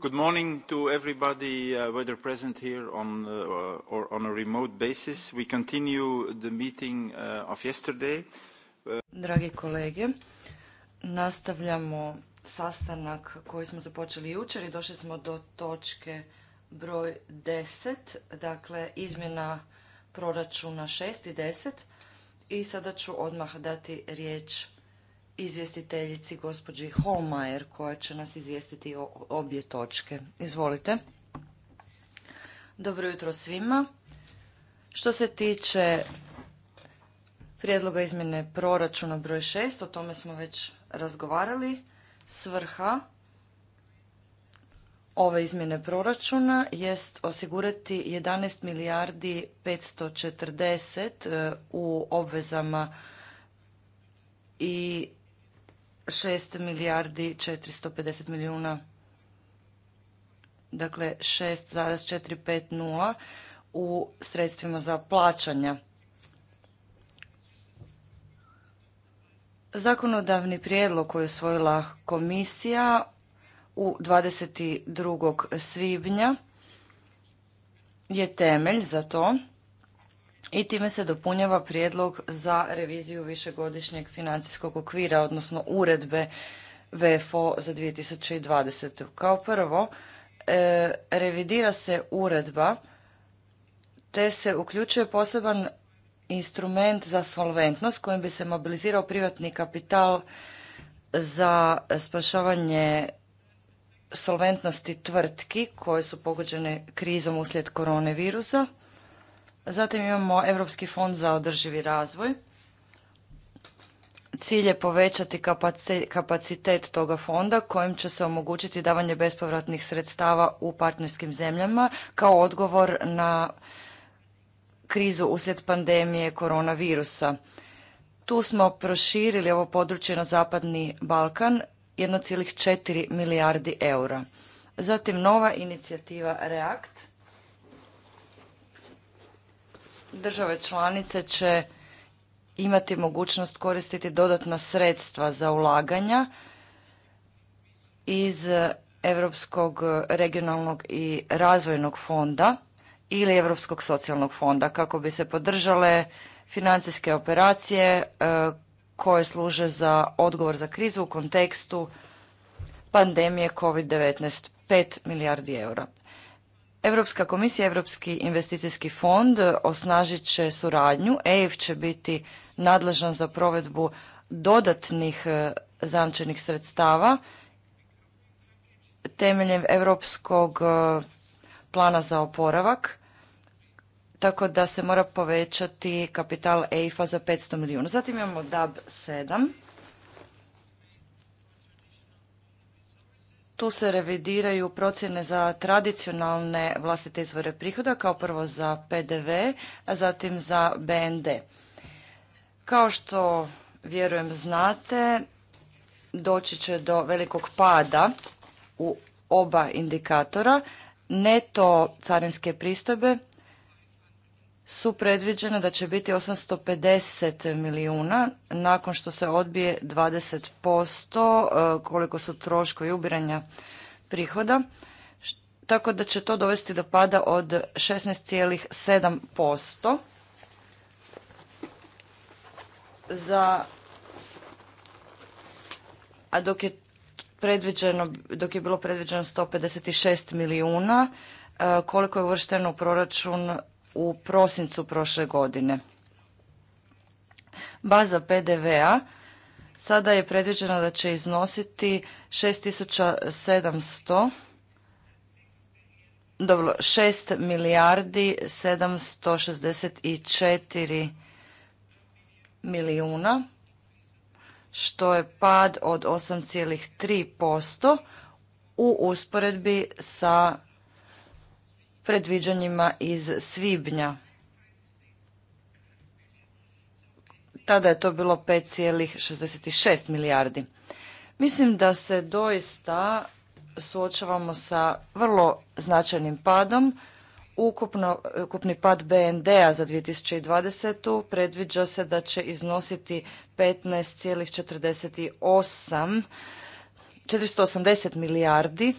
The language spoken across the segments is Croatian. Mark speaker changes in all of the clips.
Speaker 1: Good morning to everybody, uh, whether present here on, uh, or on a remote basis. We continue the meeting uh, of yesterday.
Speaker 2: Dragi kolege, nastavljamo sastanak koji smo započeli jučer i došli smo do točke broj 10, dakle izmjena proračuna 6 i 10 i sada ću odmah dati riječ izvjestiteljici gospođi Holmajer koja će nas izvijestiti o obje točke. Izvolite. Dobro jutro svima. Što se tiče prijedloga izmjene proračuna broj 6, o tome smo već razgovarali, svrha ove izmjene proračuna jest osigurati 11 milijardi 540 eh, u obvezama i 6 milijardi 450 milijuna, dakle 6,450 u sredstvima za plaćanja. Zakonodavni prijedlog koji je osvojila komisija u 22. svibnja je temelj za to i time se dopunjava prijedlog za reviziju višegodišnjeg financijskog okvira, odnosno uredbe VFO za 2020. Kao prvo, e, revidira se uredba te se uključuje poseban instrument za solventnost kojim bi se mobilizirao privatni kapital za spašavanje solventnosti tvrtki koje su pogođene krizom uslijed koronavirusa Zatim imamo Europski fond za održivi razvoj. Cilj je povećati kapacitet toga fonda kojim će se omogućiti davanje bespovratnih sredstava u partnerskim zemljama kao odgovor na krizu uslijed pandemije koronavirusa. Tu smo proširili ovo područje na Zapadni Balkan 1,4 milijardi eura. Zatim nova inicijativa REACT države članice će imati mogućnost koristiti dodatna sredstva za ulaganja iz Europskog regionalnog i razvojnog fonda ili Europskog socijalnog fonda kako bi se podržale financijske operacije e, koje služe za odgovor za krizu u kontekstu pandemije COVID-19 5 milijardi eura. Europska komisija i Europski investicijski fond osnažit će suradnju. EIF će biti nadležan za provedbu dodatnih e, zamčenih sredstava temeljem Europskog e, plana za oporavak, tako da se mora povećati kapital EIF-a za 500 milijuna. Zatim imamo DAB 7. Tu se revidiraju procjene za tradicionalne vlastite izvore prihoda, kao prvo za PDV, a zatim za BND. Kao što vjerujem znate, doći će do velikog pada u oba indikatora. Neto carinske pristojbe su predviđene da će biti 850 milijuna nakon što se odbije 20% e, koliko su troškovi ubiranja prihoda, tako da će to dovesti do pada od 16,7% za a dok je predviđeno, dok je bilo predviđeno 156 milijuna, e, koliko je uvršteno u proračun u prosincu prošle godine. Baza PDV-a sada je predviđena da će iznositi 6700 dobro, 6 milijardi 764 milijuna, što je pad od 8,3% u usporedbi sa predviđanjima iz svibnja. Tada je to bilo 5,66 milijardi. Mislim da se doista suočavamo sa vrlo značajnim padom. Ukupno, ukupni pad BND-a za 2020. predviđa se da će iznositi 15,48 480 milijardi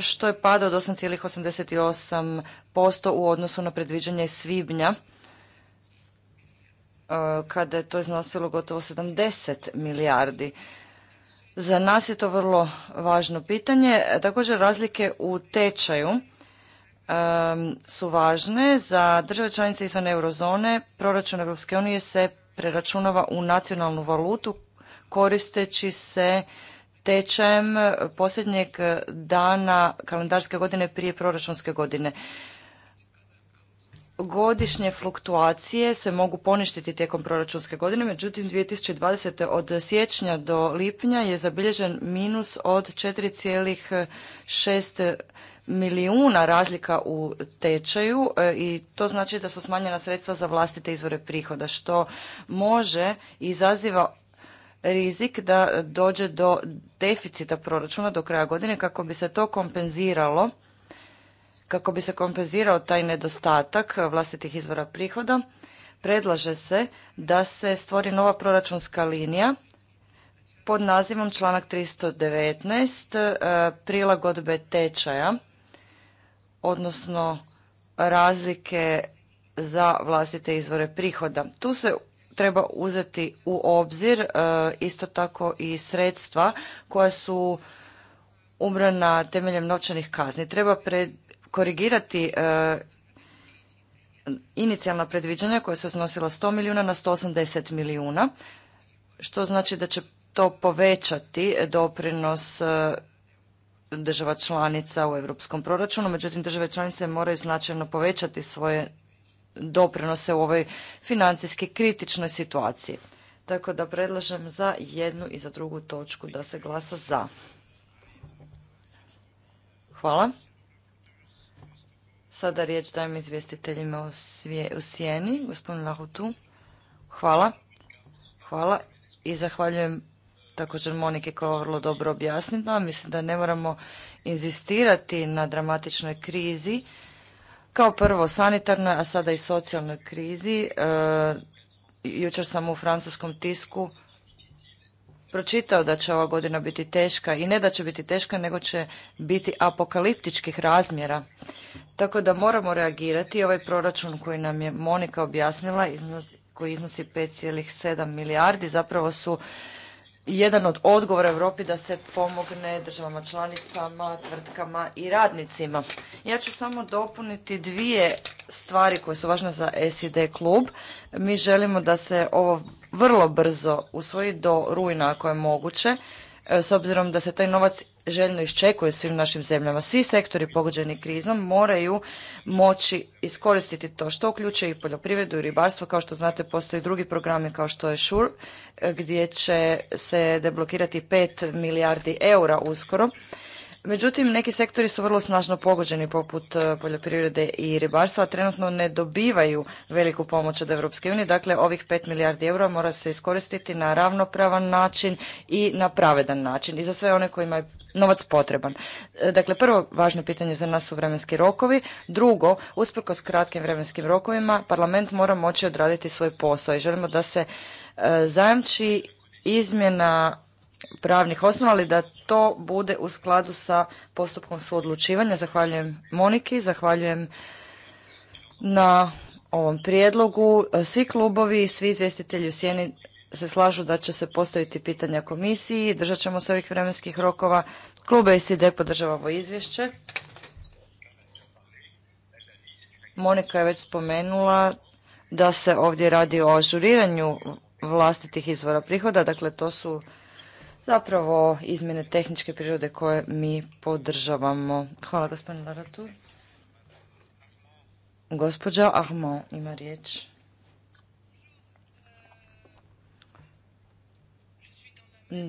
Speaker 2: što je pada od 8,88% u odnosu na predviđanje svibnja, e, kada je to iznosilo gotovo 70 milijardi. Za nas je to vrlo važno pitanje. Također razlike u tečaju e, su važne. Za države članice izvan eurozone proračun Europske unije se preračunava u nacionalnu valutu koristeći se tečajem posljednjeg dana kalendarske godine prije proračunske godine. Godišnje fluktuacije se mogu poništiti tijekom proračunske godine, međutim 2020. od siječnja do lipnja je zabilježen minus od 4,6 milijuna razlika u tečaju e, i to znači da su smanjena sredstva za vlastite izvore prihoda, što može izaziva rizik da dođe do deficita proračuna do kraja godine kako bi se to kompenziralo kako bi se kompenzirao taj nedostatak vlastitih izvora prihoda predlaže se da se stvori nova proračunska linija pod nazivom članak 319 e, prilagodbe tečaja odnosno razlike za vlastite izvore prihoda. Tu se treba uzeti u obzir e, isto tako i sredstva koja su umrana temeljem novčanih kazni. Treba korigirati e, inicijalna predviđanja koja su iznosila 100 milijuna na 180 milijuna, što znači da će to povećati doprinos e, država članica u europskom proračunu, međutim države članice moraju značajno povećati svoje doprinose u ovoj financijski kritičnoj situaciji. Tako da predlažem za jednu i za drugu točku da se glasa za. Hvala. Sada riječ dajem izvjestiteljima u, svije, u sjeni, gospodinu Lahutu. Hvala. Hvala i zahvaljujem također Monike koja vrlo dobro objasnila. Mislim da ne moramo inzistirati na dramatičnoj krizi kao prvo, sanitarnoj, a sada i socijalnoj krizi. E, jučer sam u francuskom tisku pročitao da će ova godina biti teška i ne da će biti teška, nego će biti apokaliptičkih razmjera. Tako da moramo reagirati. Ovaj proračun koji nam je Monika objasnila, koji iznosi 5,7 milijardi, zapravo su jedan od odgovora Europi da se pomogne državama članicama, tvrtkama i radnicima. Ja ću samo dopuniti dvije stvari koje su važne za SID klub. Mi želimo da se ovo vrlo brzo usvoji do rujna ako je moguće. E, s obzirom da se taj novac željno iščekuje svim našim zemljama. Svi sektori pogođeni krizom moraju moći iskoristiti to što uključuje i poljoprivredu i ribarstvo. Kao što znate, postoji drugi programi kao što je ŠUR, e, gdje će se deblokirati 5 milijardi eura uskoro. Međutim, neki sektori su vrlo snažno pogođeni, poput e, poljoprivrede i ribarstva, trenutno ne dobivaju veliku pomoć od Europske unije. Dakle, ovih 5 milijardi eura mora se iskoristiti na ravnopravan način i na pravedan način i za sve one kojima je novac potreban. E, dakle, prvo važno pitanje za nas su vremenski rokovi. Drugo, usprkos kratkim vremenskim rokovima, parlament mora moći odraditi svoj posao i želimo da se e, zajamči izmjena pravnih osnova, ali da to bude u skladu sa postupkom suodlučivanja. Zahvaljujem Moniki, zahvaljujem na ovom prijedlogu. Svi klubovi, svi izvjestitelji u Sjeni se slažu da će se postaviti pitanja komisiji, držat ćemo se ovih vremenskih rokova. Klub SID podržava ovo izvješće. Monika je već spomenula da se ovdje radi o ažuriranju vlastitih izvora prihoda, dakle to su zapravo izmjene tehničke prirode koje mi podržavamo. Hvala gospodin Laratur. Gospođa Ahmo ima riječ.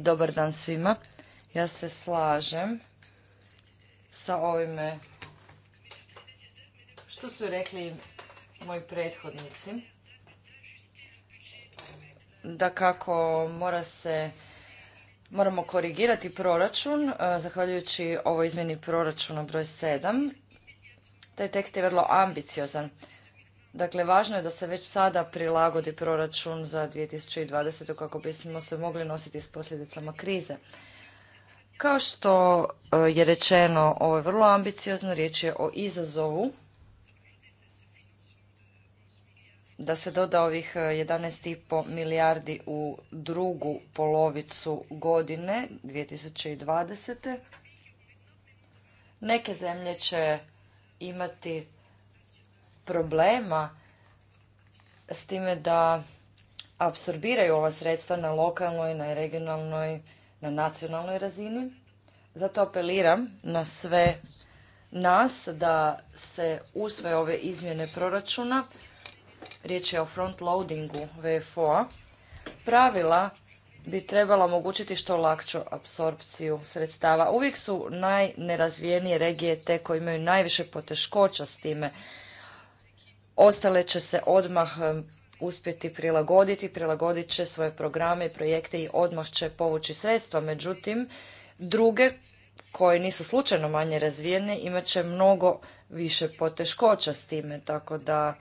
Speaker 2: Dobar dan svima. Ja se slažem sa ovime što su rekli moji prethodnici. Da kako mora se moramo korigirati proračun, e, zahvaljujući ovoj izmjeni proračuna broj 7. Taj tekst je vrlo ambiciozan. Dakle, važno je da se već sada prilagodi proračun za 2020. kako bismo se mogli nositi s posljedicama krize. Kao što e, je rečeno, ovo je vrlo ambiciozno, riječ je o izazovu da se doda ovih 11,5 e, milijardi u drugu polovicu godine 2020. Neke zemlje će imati problema s time da apsorbiraju ova sredstva na lokalnoj, na regionalnoj, na nacionalnoj razini. Zato apeliram na sve nas da se usvoje ove izmjene proračuna riječ je o front loadingu VFO-a, pravila bi trebala omogućiti što lakšu apsorpciju sredstava. Uvijek su najnerazvijenije regije te koje imaju najviše poteškoća s time. Ostale će se odmah uspjeti prilagoditi, prilagodit će svoje programe i projekte i odmah će povući sredstva. Međutim, druge koje nisu slučajno manje razvijene imat će mnogo više poteškoća s time, tako da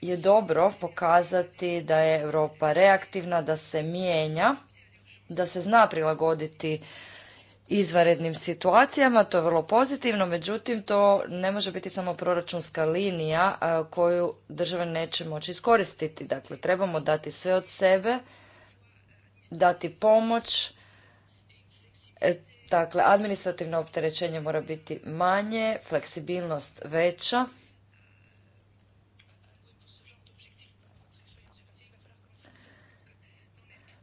Speaker 2: je dobro pokazati da je Europa reaktivna, da se mijenja, da se zna prilagoditi izvanrednim situacijama, to je vrlo pozitivno, međutim to ne može biti samo proračunska linija koju države neće moći iskoristiti. Dakle, trebamo dati sve od sebe, dati pomoć, e, dakle, administrativno opterećenje mora biti manje, fleksibilnost veća,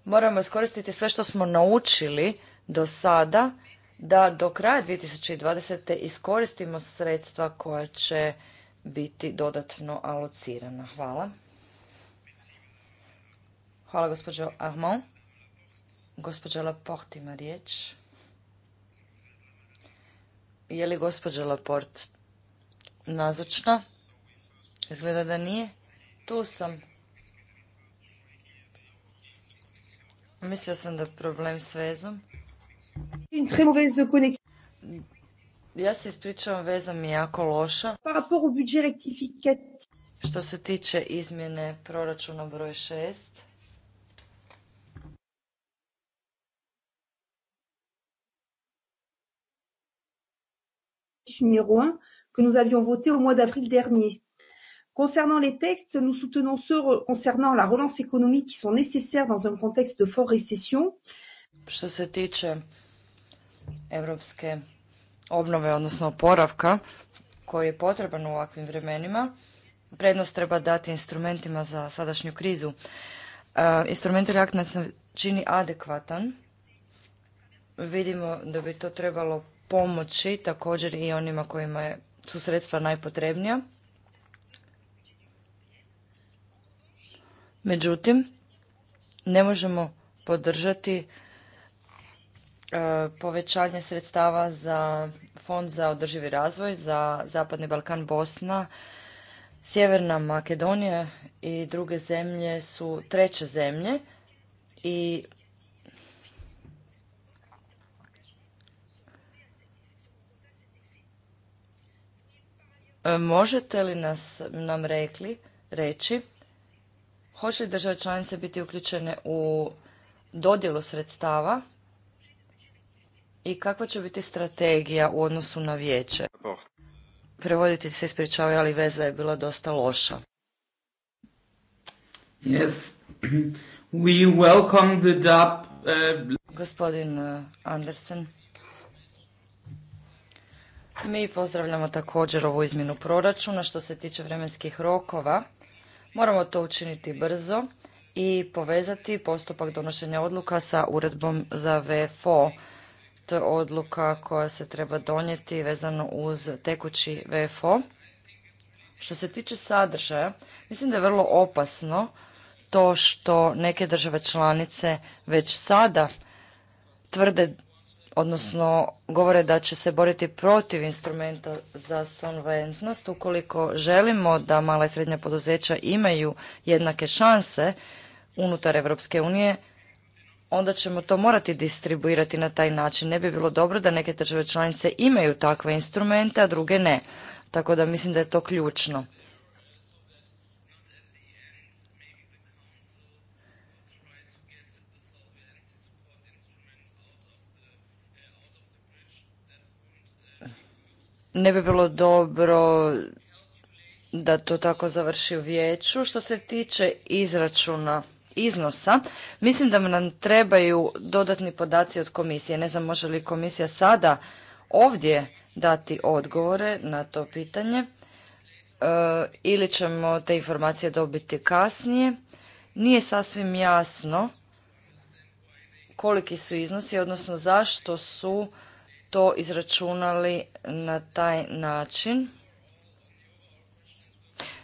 Speaker 2: moramo iskoristiti sve što smo naučili do sada da do kraja 2020. iskoristimo sredstva koja će biti dodatno alocirana. Hvala. Hvala gospođo Armand. Gospođa Laporte ima riječ. Je li gospođa Laporte nazočna? Izgleda da nije. Tu sam. Mislio sam da je problem s vezom. Ja se ispričavam, veza mi je jako loša. Što se tiče izmjene proračuna broj 6,
Speaker 1: numéro 1 que nous avions voté au mois d'avril dernier. Concernant les textes, nous soutenons ceux concernant la relance économique qui
Speaker 2: sont nécessaires dans un contexte de forte récession. Što se tiče evropske obnove, odnosno oporavka, koji je potreban u ovakvim vremenima, prednost treba dati instrumentima za sadašnju krizu. Instrumenti instrument se čini adekvatan. Vidimo da bi to trebalo pomoći također i onima kojima su sredstva najpotrebnija. Međutim, ne možemo podržati e, povećanje sredstava za Fond za održivi razvoj za Zapadni Balkan Bosna, Sjeverna Makedonija i druge zemlje su treće zemlje i možete li nas nam rekli reći Hoće li države članice biti uključene u dodjelu sredstava i kakva će biti strategija u odnosu na vijeće? Prevoditelj se ispričavaju, ali veza je bila dosta loša. Yes. We welcome the uh, Gospodin uh, Andersen. Mi pozdravljamo također ovu izmjenu proračuna što se tiče vremenskih rokova. Moramo to učiniti brzo i povezati postupak donošenja odluka sa uredbom za VFO. To je odluka koja se treba donijeti vezano uz tekući VFO. Što se tiče sadržaja, mislim da je vrlo opasno to što neke države članice već sada tvrde odnosno govore da će se boriti protiv instrumenta za solventnost. Ukoliko želimo da mala i srednja poduzeća imaju jednake šanse unutar Europske unije, onda ćemo to morati distribuirati na taj način. Ne bi bilo dobro da neke države članice imaju takve instrumente, a druge ne. Tako da mislim da je to ključno. ne bi bilo dobro da to tako završi u vijeću. Što se tiče izračuna iznosa, mislim da nam trebaju dodatni podaci od komisije. Ne znam može li komisija sada ovdje dati odgovore na to pitanje e, ili ćemo te informacije dobiti kasnije. Nije sasvim jasno koliki su iznosi, odnosno zašto su to izračunali na taj način.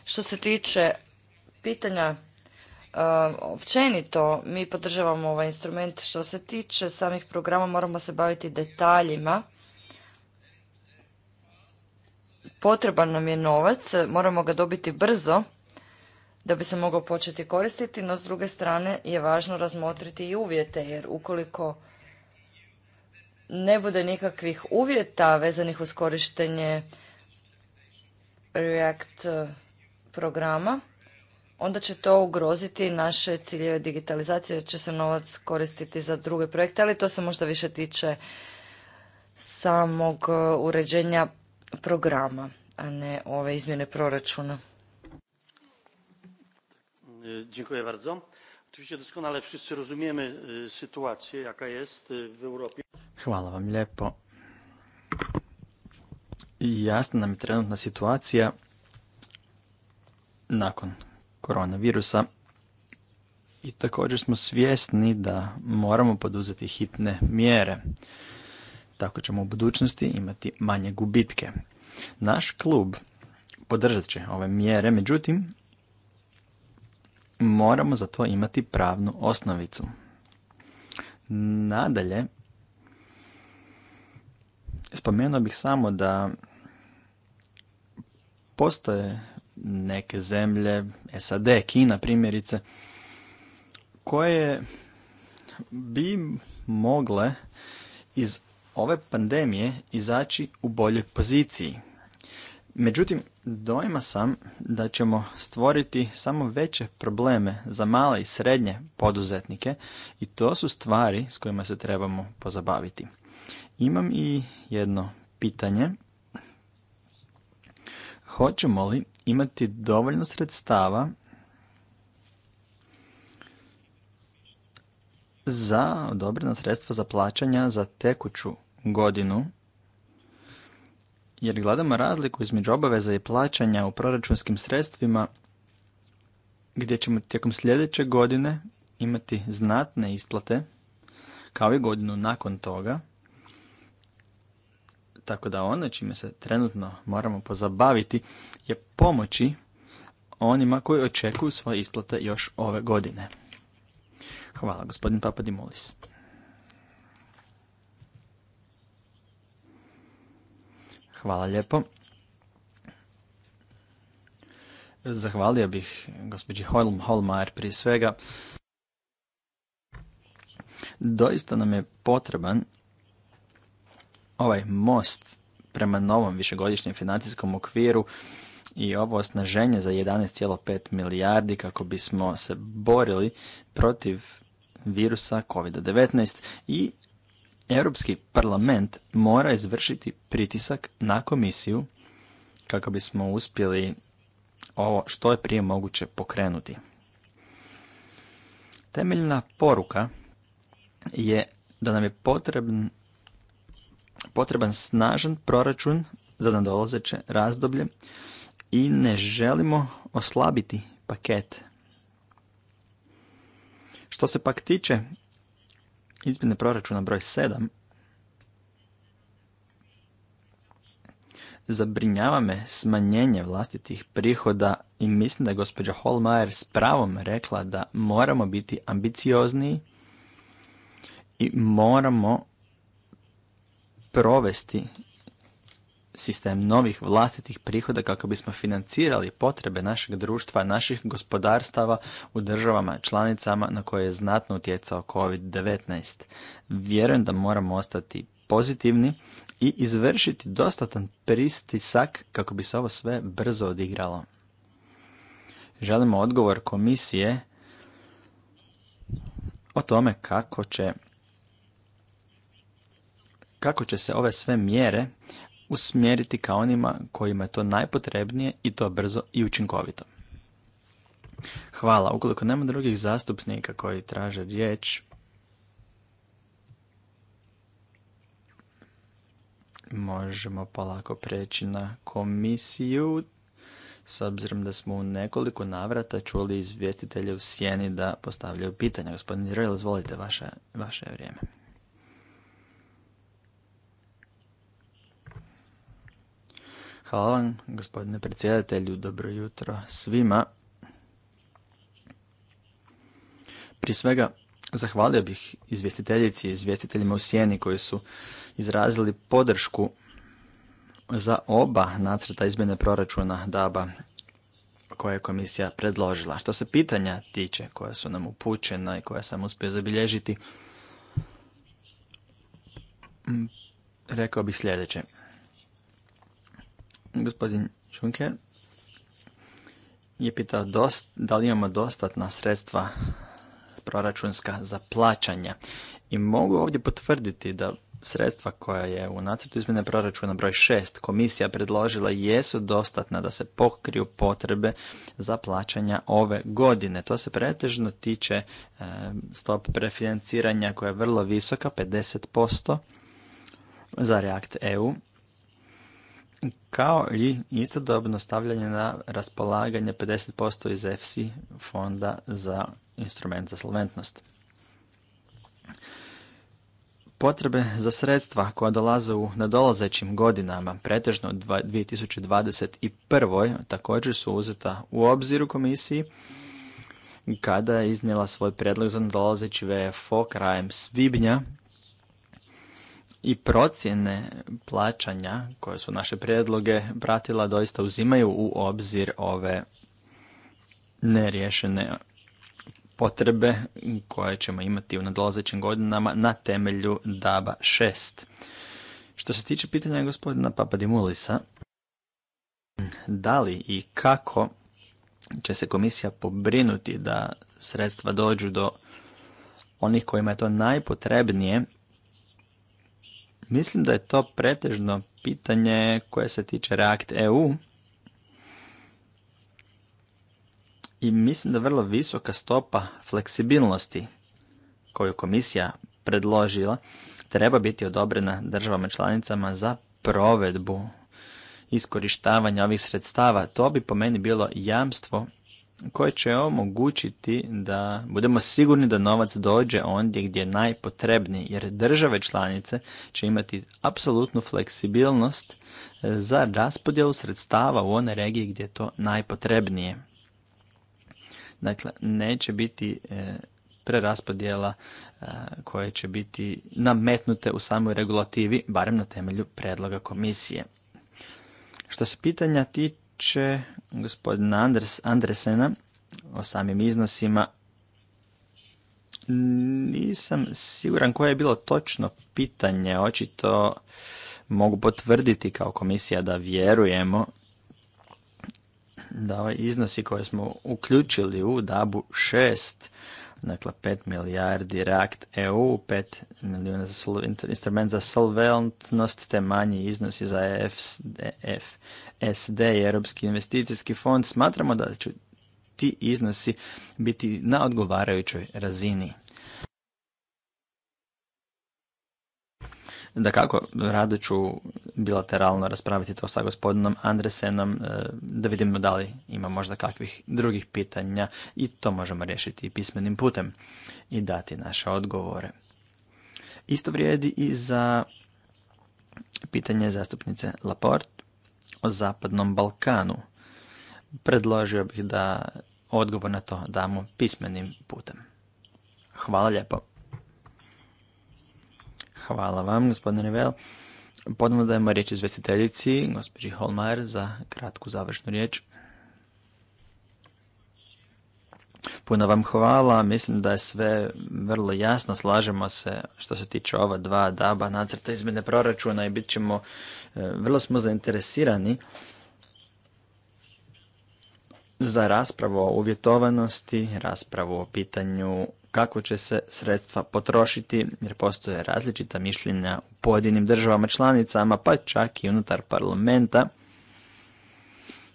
Speaker 2: Što se tiče pitanja uh, općenito, mi podržavamo ovaj instrument. Što se tiče samih programa, moramo se baviti detaljima. Potreban nam je novac, moramo ga dobiti brzo da bi se mogao početi koristiti, no s druge strane je važno razmotriti i uvjete, jer ukoliko ne bude nikakvih uvjeta vezanih uz korištenje React e, programa, onda će to ugroziti naše ciljeve digitalizacije, jer će se novac koristiti za druge projekte, ali to se možda više tiče samog e, uređenja programa, a ne ove izmjene proračuna. E,
Speaker 3: dziękuję bardzo. Oczywiście doskonale wszyscy rozumiemy sytuację, jaka jest w Europie. Hvala vam lijepo. Jasna nam je trenutna situacija nakon koronavirusa i također smo svjesni da moramo poduzeti hitne mjere. Tako ćemo u budućnosti imati manje gubitke. Naš klub podržat će ove mjere, međutim, moramo za to imati pravnu osnovicu. Nadalje, spomenuo bih samo da postoje neke zemlje, SAD, Kina primjerice, koje bi mogle iz ove pandemije izaći u boljoj poziciji. Međutim, dojma sam da ćemo stvoriti samo veće probleme za male i srednje poduzetnike i to su stvari s kojima se trebamo pozabaviti. Imam i jedno pitanje. Hoćemo li imati dovoljno sredstava za odobrena sredstva za plaćanja za tekuću godinu jer gledamo razliku između obaveza i plaćanja u proračunskim sredstvima gdje ćemo tijekom sljedeće godine imati znatne isplate kao i godinu nakon toga. Tako da ono čime se trenutno moramo pozabaviti je pomoći onima koji očekuju svoje isplate još ove godine. Hvala gospodin Papadimulis. Hvala lijepo. Zahvalio bih gospođi Holm, Holmajer prije svega. Doista nam je potreban ovaj most prema novom višegodišnjem financijskom okviru i ovo osnaženje za 11,5 milijardi kako bismo se borili protiv virusa COVID-19 i Europski parlament mora izvršiti pritisak na komisiju kako bismo uspjeli ovo što je prije moguće pokrenuti. Temeljna poruka je da nam je potreban snažan proračun za nadolazeće razdoblje i ne želimo oslabiti paket. Što se pak tiče izmjene proračuna broj 7 zabrinjava me smanjenje vlastitih prihoda i mislim da je gospođa Holmajer s pravom rekla da moramo biti ambiciozniji i moramo provesti sistem novih vlastitih prihoda kako bismo financirali potrebe našeg društva, naših gospodarstava u državama članicama na koje je znatno utjecao COVID-19. Vjerujem da moramo ostati pozitivni i izvršiti dostatan pristisak kako bi se ovo sve brzo odigralo. Želimo odgovor komisije o tome kako će kako će se ove sve mjere usmjeriti ka onima kojima je to najpotrebnije i to brzo i učinkovito. Hvala. Ukoliko nema drugih zastupnika koji traže riječ, možemo polako preći na komisiju. S obzirom da smo u nekoliko navrata čuli izvjestitelje u sjeni da postavljaju pitanja. Gospodin Rojl, izvolite, vaše, vaše vrijeme. Hvala vam, gospodine predsjedatelju. Dobro jutro svima. Prije svega, zahvalio bih izvjestiteljici i izvjestiteljima u Sjeni koji su izrazili podršku za oba nacrta izmjene proračuna DABA koje je komisija predložila. Što se pitanja tiče koja su nam upućena i koja sam uspio zabilježiti, rekao bih sljedeće. Gospodin Čunke je pitao da li imamo dostatna sredstva proračunska za plaćanje. I mogu ovdje potvrditi da sredstva koja je u nacrtu izmjene proračuna broj 6 komisija predložila jesu dostatna da se pokriju potrebe za plaćanja ove godine. To se pretežno tiče e, stop prefinanciranja koja je vrlo visoka, 50% za React EU kao i istodobno stavljanje na raspolaganje 50% iz EFSI fonda za instrument za solventnost. Potrebe za sredstva koja dolaze u nadolazećim godinama, pretežno 2021. također su uzeta u obziru komisiji kada je iznijela svoj predlog za nadolazeći VFO krajem svibnja i procjene plaćanja koje su naše prijedloge pratila doista uzimaju u obzir ove neriješene potrebe koje ćemo imati u nadolazećim godinama na temelju DABA 6. Što se tiče pitanja gospodina Papadimulisa, da li i kako će se komisija pobrinuti da sredstva dođu do onih kojima je to najpotrebnije Mislim da je to pretežno pitanje koje se tiče React EU i mislim da vrlo visoka stopa fleksibilnosti koju komisija predložila treba biti odobrena državama članicama za provedbu iskorištavanja ovih sredstava. To bi po meni bilo jamstvo koje će omogućiti da budemo sigurni da novac dođe ondje gdje je najpotrebniji, jer države članice će imati apsolutnu fleksibilnost e, za raspodjelu sredstava u one regije gdje je to najpotrebnije. Dakle, neće biti e, preraspodjela e, koje će biti nametnute u samoj regulativi, barem na temelju predloga komisije. Što se pitanja tiče, tiče gospodina Andresena o samim iznosima, nisam siguran koje je bilo točno pitanje. Očito mogu potvrditi kao komisija da vjerujemo da ovaj iznosi koje smo uključili u DABU 6 Dakle, 5 milijardi React EU, 5 milijuna za instrument za solventnost, te manji iznosi za e FSD, e i Europski investicijski fond. Smatramo da će ti iznosi biti na odgovarajućoj razini. Da kako, rado ću bilateralno raspraviti to sa gospodinom Andresenom, e, da vidimo da li ima možda kakvih drugih pitanja i to možemo riješiti pismenim putem i dati naše odgovore. Isto vrijedi i za pitanje zastupnice Laporte o Zapadnom Balkanu. Predložio bih da odgovor na to damo pismenim putem. Hvala lijepo. Hvala vam, gospodine Vel. Ponovno dajemo riječ izvestiteljici, gospođi Holmajer, za kratku završnu riječ. Puno vam hvala, mislim da je sve vrlo jasno, slažemo se što se tiče ova dva daba nacrta izmjene proračuna i bit ćemo, e, vrlo smo zainteresirani za raspravu o uvjetovanosti, raspravu o pitanju kako će se sredstva potrošiti jer postoje različita mišljenja u pojedinim državama članicama pa čak i unutar parlamenta.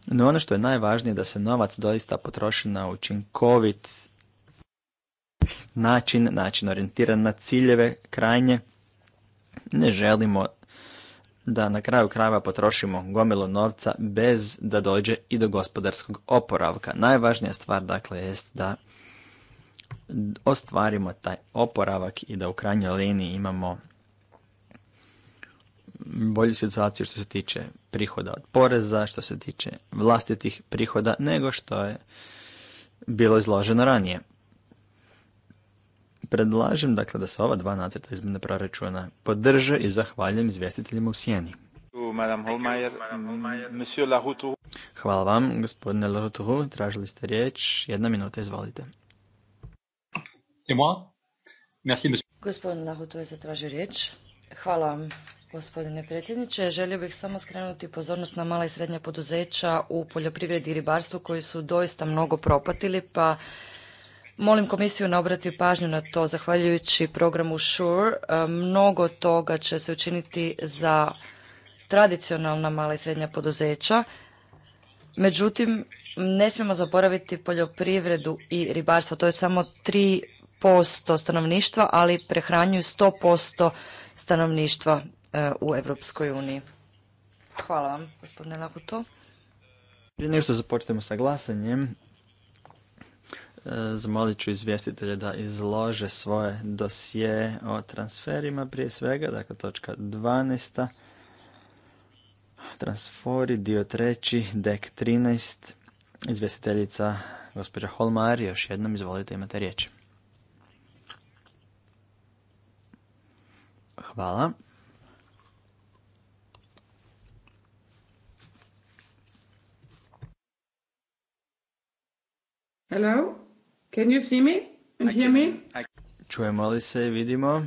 Speaker 3: No ono što je najvažnije da se novac doista potroši na učinkovit način, način orijentiran na ciljeve krajnje. Ne želimo da na kraju krajeva potrošimo gomilu novca bez da dođe i do gospodarskog oporavka. Najvažnija stvar dakle jest da ostvarimo taj oporavak i da u krajnjoj liniji imamo bolju situaciju što se tiče prihoda od poreza, što se tiče vlastitih prihoda nego što je bilo izloženo ranije. Predlažem dakle da se ova dva nacrta izmjene proračuna podrže i zahvaljujem izvjestiteljima u sjeni. Hvala vam, gospodine Larutu. Tražili ste riječ. Jedna minuta, izvolite. C'est moi. Merci,
Speaker 2: Gospodin je zatražio riječ. Hvala vam, gospodine predsjedniče. Želio bih samo skrenuti pozornost na mala i srednja poduzeća u poljoprivredi i ribarstvu koji su doista mnogo propatili, pa Molim komisiju na obrati pažnju na to, zahvaljujući programu SURE, mnogo toga će se učiniti za tradicionalna mala i srednja poduzeća. Međutim, ne smijemo zaboraviti poljoprivredu i ribarstvo. To je samo tri posto stanovništva, ali prehranjuju 100% stanovništva e, u Europskoj uniji. Hvala vam, gospodine Lakuto. Prije
Speaker 3: nego što započnemo sa glasanjem, e, zamolit ću izvjestitelje da izlože svoje dosje o transferima prije svega, dakle točka 12. Transfori, dio treći, dek 13. Izvjestiteljica gospođa Holmar, još jednom izvolite imate riječ. Hvala.
Speaker 2: Hello? Can you see me and hear me?
Speaker 3: Čujemo li se i vidimo?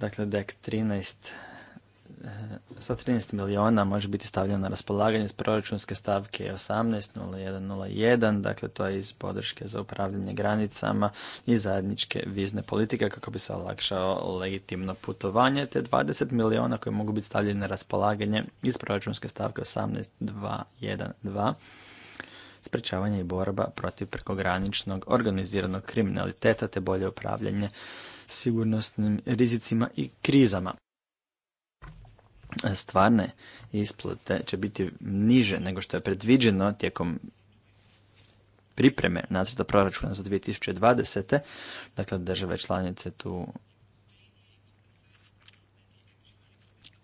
Speaker 3: Dakle, dek 13 sa 13 miliona može biti stavljeno na raspolaganje iz proračunske stavke 18.01.01, dakle to je iz podrške za upravljanje granicama i zajedničke vizne politike kako bi se olakšao legitimno putovanje, te 20 miliona koje mogu biti stavljene na raspolaganje iz proračunske stavke 18.2.1.2 sprečavanje i borba protiv prekograničnog organiziranog kriminaliteta te bolje upravljanje sigurnosnim rizicima i krizama stvarne isplate će biti niže nego što je predviđeno tijekom pripreme nacrta proračuna za 2020. Dakle, države članice tu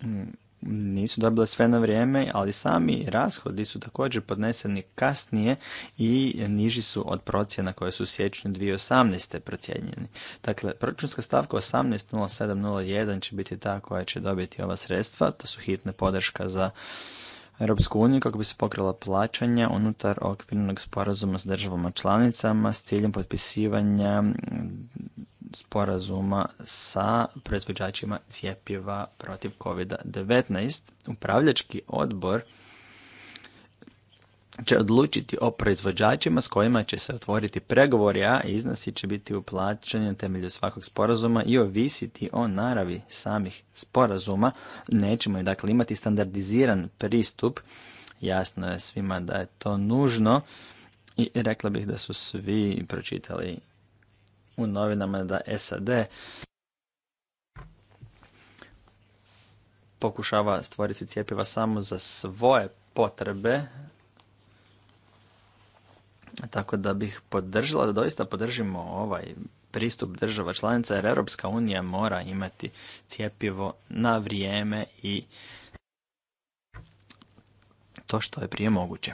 Speaker 3: mm, nisu dobile sve na vrijeme, ali sami rashodi su također podneseni kasnije i niži su od procjena koje su u siječnju 2018. procijenjeni. Dakle, proračunska stavka 18.07.01 će biti ta koja će dobiti ova sredstva, to su hitna podrška za Europsku uniju kako bi se pokrila plaćanja unutar okvirnog sporazuma s državama članicama s ciljem potpisivanja sporazuma sa proizvođačima cijepiva protiv COVID-19. Upravljački odbor će odlučiti o proizvođačima s kojima će se otvoriti pregovori, a iznosi će biti uplaćeni na temelju svakog sporazuma i ovisiti o naravi samih sporazuma. Nećemo dakle imati standardiziran pristup. Jasno je svima da je to nužno i rekla bih da su svi pročitali u novinama da SAD pokušava stvoriti cijepiva samo za svoje potrebe, tako da bih podržala, da doista podržimo ovaj pristup država članica, jer Europska unija mora imati cjepivo na vrijeme i to što je prije moguće.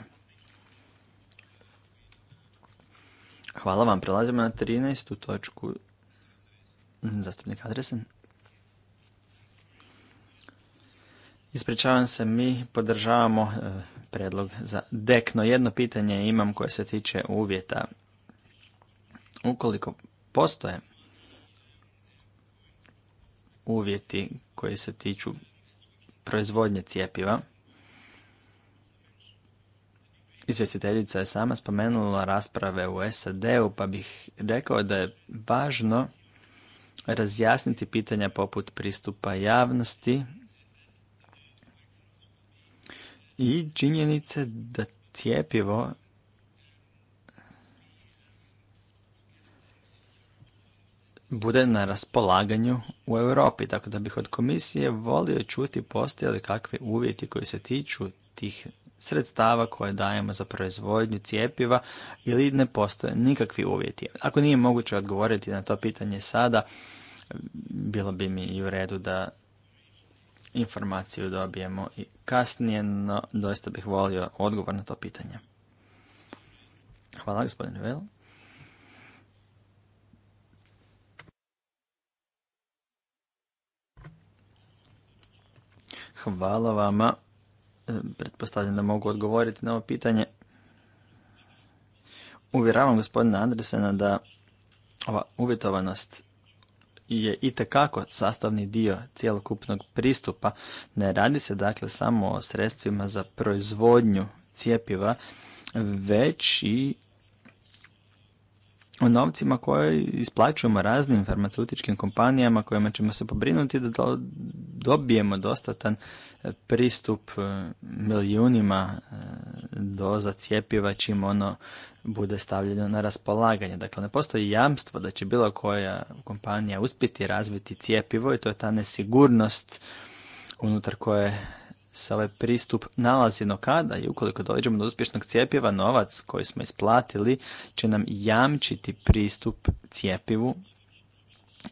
Speaker 3: Hvala vam. Prelazimo na 13. točku. Zastupnik Adresen. Ispričavam se, mi podržavamo e, predlog za dekno. Jedno pitanje imam koje se tiče uvjeta. Ukoliko postoje uvjeti koji se tiču proizvodnje cijepiva, Izvjestiteljica je sama spomenula rasprave u SAD-u, pa bih rekao da je važno razjasniti pitanja poput pristupa javnosti i činjenice da cijepivo bude na raspolaganju u Europi. Tako da bih od komisije volio čuti postoje li kakvi uvjeti koji se tiču tih sredstava koje dajemo za proizvodnju cijepiva ili ne postoje nikakvi uvjeti. Ako nije moguće odgovoriti na to pitanje sada, bilo bi mi i u redu da informaciju dobijemo i kasnije, no doista bih volio odgovor na to pitanje. Hvala gospodine Vel. Hvala vama. E, pretpostavljam da mogu odgovoriti na ovo pitanje. Uvjeravam gospodina Andresena da ova uvjetovanost je itekako sastavni dio cjelokupnog pristupa. Ne radi se dakle samo o sredstvima za proizvodnju cijepiva, već i o novcima koje isplaćujemo raznim farmaceutičkim kompanijama kojima ćemo se pobrinuti da dobijemo dostatan e, pristup e, milijunima e, doza cjepiva čim ono bude stavljeno na raspolaganje. Dakle, ne postoji jamstvo da će bilo koja kompanija uspjeti razviti cjepivo i to je ta nesigurnost unutar koje se ovaj pristup nalazi, no kada i ukoliko dođemo do uspješnog cijepiva, novac koji smo isplatili će nam jamčiti pristup cijepivu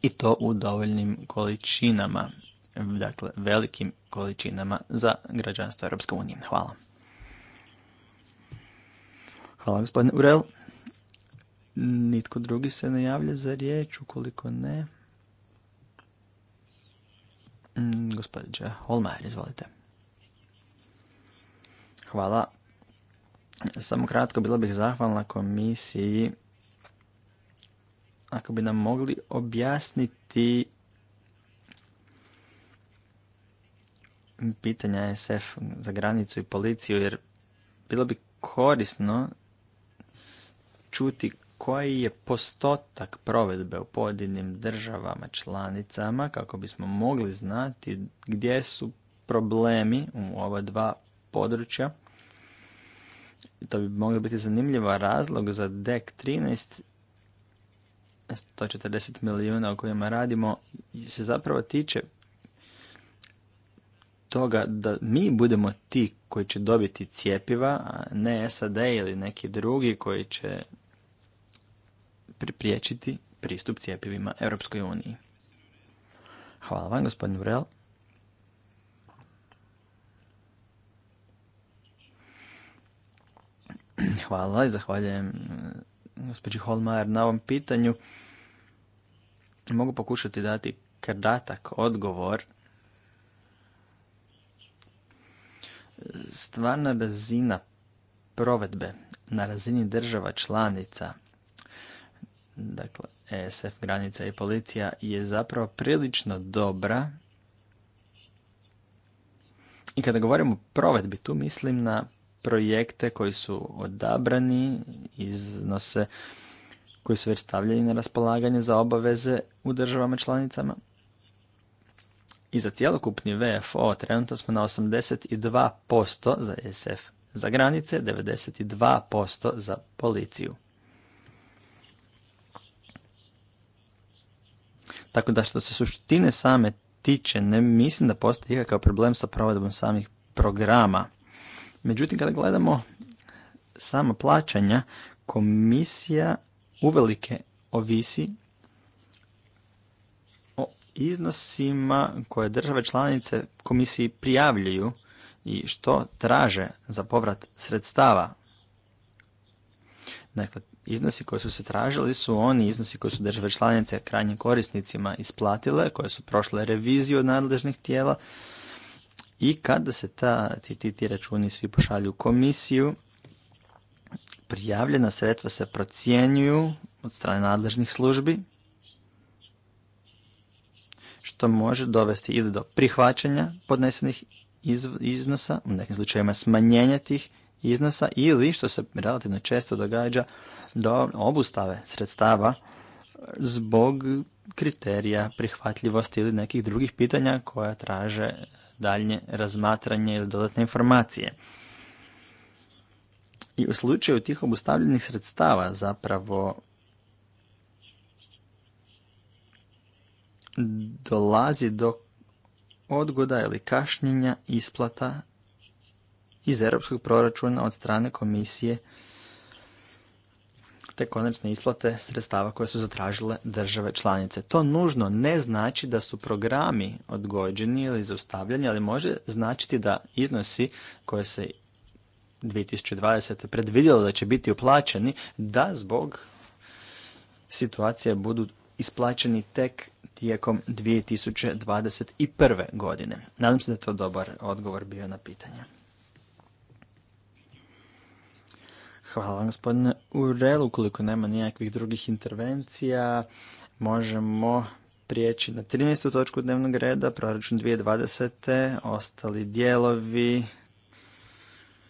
Speaker 3: i to u dovoljnim količinama, dakle velikim količinama za građanstvo Europske unije. Hvala. Hvala gospodine Urel. Nitko drugi se ne javlja za riječ, ukoliko ne. Mm, Gospodin Holmajer, izvolite. Hvala. Samo kratko, bila bih zahvalna komisiji ako bi nam mogli objasniti pitanja SF za granicu i policiju, jer bilo bi korisno čuti koji je postotak provedbe u pojedinim državama članicama kako bismo mogli znati gdje su problemi u ova dva područja to bi moglo biti zanimljiva razlog za DEC 13, 140 milijuna o kojima radimo, se zapravo tiče toga da mi budemo ti koji će dobiti cjepiva, a ne SAD ili neki drugi koji će pripriječiti pristup cjepivima Europskoj uniji. Hvala vam, gospodin Vrel. Hvala i zahvaljujem eh, gospođi Holmajer na ovom pitanju. Mogu pokušati dati kratak odgovor. Stvarna razina provedbe na razini država članica, dakle ESF, granica i policija, je zapravo prilično dobra. I kada govorimo o provedbi, tu mislim na projekte koji su odabrani iznose koji su već stavljeni na raspolaganje za obaveze u državama članicama. I za cjelokupni VFO trenutno smo na 82% za e SF za granice, 92% za policiju. Tako da što se suštine same tiče, ne mislim da postoji ikakav problem sa provedbom samih programa. Međutim, kada gledamo sama plaćanja, komisija uvelike ovisi o iznosima koje države članice komisiji prijavljuju i što traže za povrat sredstava. Dakle, iznosi koji su se tražili su oni iznosi koje su države članice krajnjim korisnicima isplatile, koje su prošle reviziju nadležnih tijela, i kada se ta, ti, ti, ti računi svi pošalju u komisiju, prijavljena sredstva se procjenjuju od strane nadležnih službi, što može dovesti ili do prihvaćanja podnesenih iznosa, u nekim slučajevima smanjenja tih iznosa ili, što se relativno često događa, do obustave sredstava zbog kriterija prihvatljivosti ili nekih drugih pitanja koja traže daljnje razmatranje ili dodatne informacije. I u slučaju tih obustavljenih sredstava zapravo dolazi do odgoda ili kašnjenja isplata iz europskog proračuna od strane komisije te konačne isplate sredstava koje su zatražile države članice. To nužno ne znači da su programi odgođeni ili zaustavljeni, ali može značiti da iznosi koje se 2020. predvidjelo da će biti uplaćeni, da zbog situacije budu isplaćeni tek tijekom 2021. godine. Nadam se da je to dobar odgovor bio na pitanje. Hvala vam gospodine Urel. Ukoliko nema nijakvih drugih intervencija, možemo prijeći na 13. točku dnevnog reda, proračun 2020. Ostali dijelovi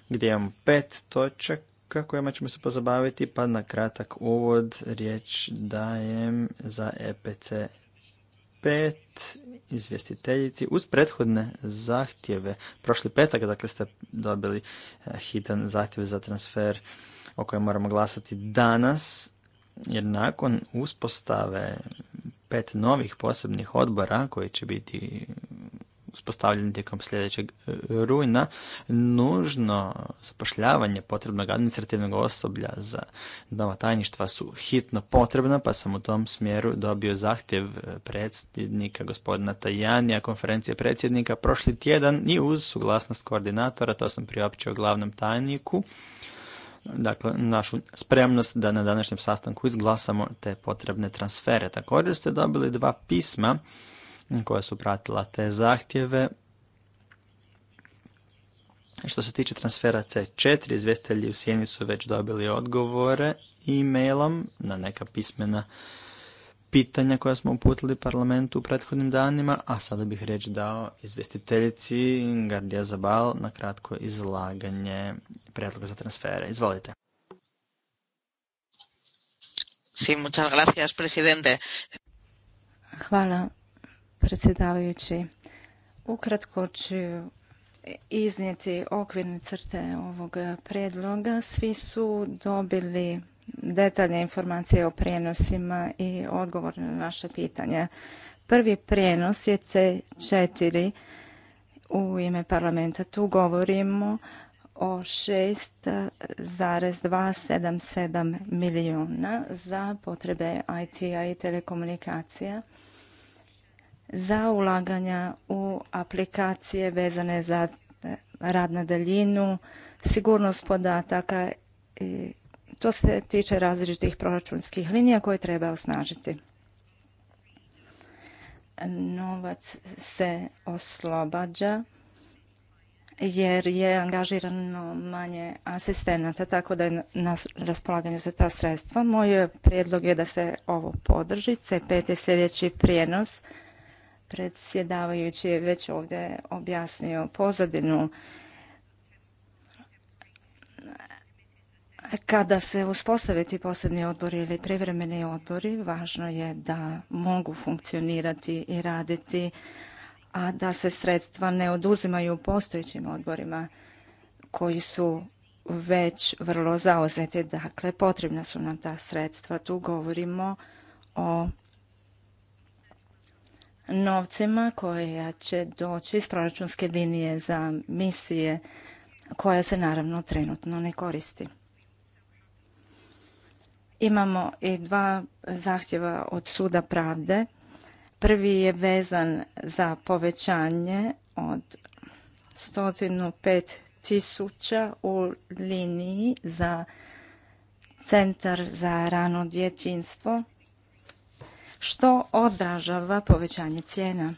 Speaker 3: gdje imamo pet točaka kojima ćemo se pozabaviti, pa na kratak uvod riječ dajem za EPC 5 izvjestiteljici uz prethodne zahtjeve. Prošli petak, dakle, ste dobili eh, hitan zahtjev za transfer o kojoj moramo glasati danas, jer nakon uspostave pet novih posebnih odbora koji će biti uspostavljeni tijekom sljedećeg e, rujna, nužno zapošljavanje potrebnog administrativnog osoblja za nova tajništva su hitno potrebna, pa sam u tom smjeru dobio zahtjev e, predsjednika gospodina Tajanija, konferencije predsjednika prošli tjedan i uz suglasnost koordinatora, to sam priopćio glavnom tajniku dakle, našu spremnost da na današnjem sastanku izglasamo te potrebne transfere. Također ste dobili dva pisma koja su pratila te zahtjeve. Što se tiče transfera C4, izvjestitelji u Sjeni su već dobili odgovore e-mailom na neka pismena pitanja koja smo uputili parlamentu u prethodnim danima, a sada bih reč dao izvestiteljici Gardija Zabal na kratko izlaganje predloga za transfere. Izvolite.
Speaker 1: Sí, muchas gracias, presidente. Hvala, predsjedavajući. Ukratko ću iznijeti okvirne crte ovog predloga. Svi su dobili detaljne informacije o prijenosima i odgovor na naše pitanje. Prvi prijenos je C4 u ime parlamenta. Tu govorimo o 6,277 milijuna za potrebe IT-a i telekomunikacija za ulaganja u aplikacije vezane za rad na daljinu, sigurnost podataka i što se tiče različitih proračunskih linija koje treba osnažiti. Novac se oslobađa jer je angažirano manje asistenata, tako da je na raspolaganju su ta sredstva. Moj prijedlog je da se ovo podrži. C5 je sljedeći prijenos. Predsjedavajući je već ovdje objasnio pozadinu Kada se uspostave ti posebni odbori ili privremeni odbori, važno je da mogu funkcionirati i raditi, a da se sredstva ne oduzimaju postojećim odborima koji su već vrlo zauzeti. Dakle, potrebna su nam ta sredstva. Tu govorimo o novcima koja će doći iz proračunske linije za misije koja se naravno trenutno ne koristi. Imamo i dva zahtjeva od Suda pravde. Prvi je vezan za povećanje od 105 tisuća u liniji za Centar za rano djetinstvo, što odražava povećanje cijena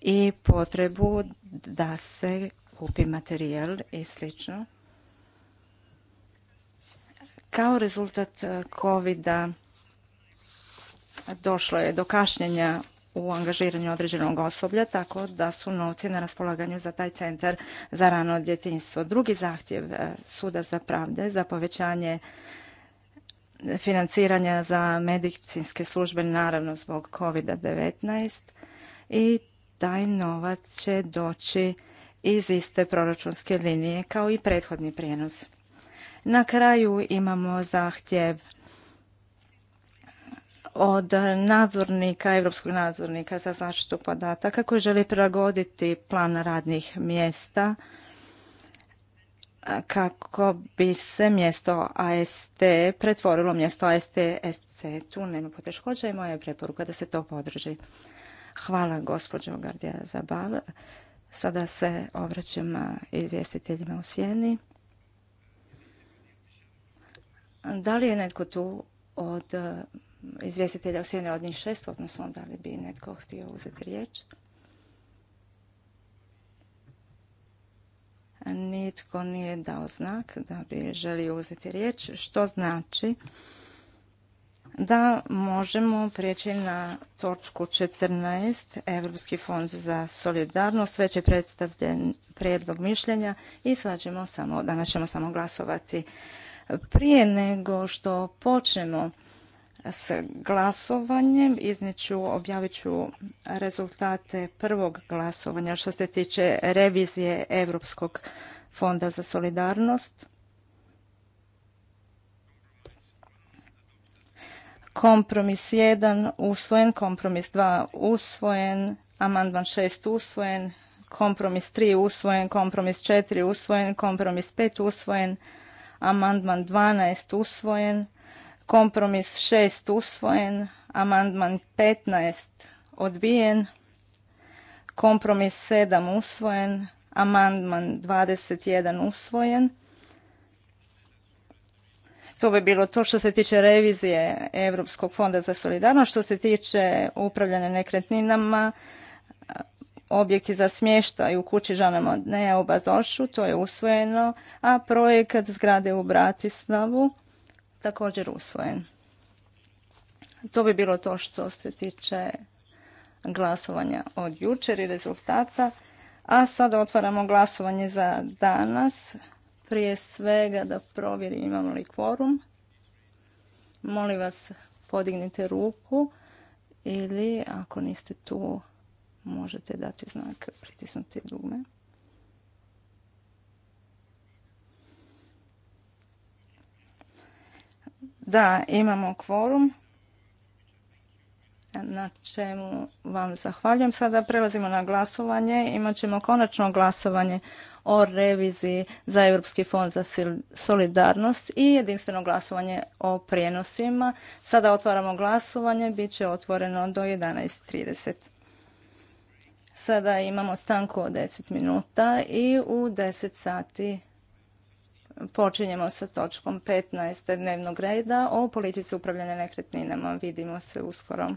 Speaker 1: i potrebu da se kupi materijal i slično. Kao rezultat e, covid došlo je do kašnjenja u angažiranju određenog osoblja, tako da su novci na raspolaganju za taj centar za rano djetinjstvo. Drugi zahtjev e, Suda za pravde za povećanje financiranja za medicinske službe, naravno zbog COVID-19 i taj novac će doći iz iste proračunske linije kao i prethodni prijenos. Na kraju imamo zahtjev od nadzornika, Europskog nadzornika za zaštitu podataka koji želi prilagoditi plan radnih mjesta kako bi se mjesto AST pretvorilo mjesto AST SC. Tu nema poteškoća i moja je preporuka da se to podrži. Hvala gospođo Gardija Zabal. Sada se obraćam izvjestiteljima u Sjeni. Da li je netko tu od e, izvjestitelja u sjene od njih šest, odnosno da li bi netko htio uzeti riječ? Nitko nije dao znak da bi želio uzeti riječ, što znači da možemo prijeći na točku 14, Europski fond za solidarnost, već je predstavljen prijedlog mišljenja i sada ćemo samo, danas ćemo samo glasovati prije nego što počnemo s glasovanjem izniću, objavit ću rezultate prvog glasovanja što se tiče revizije Europskog fonda za solidarnost. Kompromis 1 usvojen, kompromis 2 usvojen, amandman 6 usvojen, kompromis 3 usvojen, kompromis 4 usvojen, kompromis 5 usvojen, amandman 12 usvojen, kompromis 6 usvojen, amandman 15 odbijen, kompromis 7 usvojen, amandman 21 usvojen. To bi bilo to što se tiče revizije Europskog fonda za solidarnost. Što se tiče upravljanja nekretninama, objekti za smještaj u kući Žana Modneja u Bazošu, to je usvojeno, a projekat zgrade u Bratislavu također usvojen. To bi bilo to što se tiče glasovanja od jučer i rezultata. A sada otvaramo glasovanje za danas. Prije svega da provjerim imamo li kvorum. Molim vas podignite ruku ili ako niste tu možete dati znak pritisnuti dugme. Da, imamo kvorum na čemu vam zahvaljujem. Sada prelazimo na glasovanje. Imat ćemo konačno glasovanje o reviziji za Europski fond za solidarnost i jedinstveno glasovanje o prijenosima. Sada otvaramo glasovanje, Biće otvoreno do 11.30. Sada imamo stanku od 10 minuta i u 10 sati počinjemo sa točkom 15. dnevnog reda o politici upravljanja nekretninama. Vidimo se uskoro.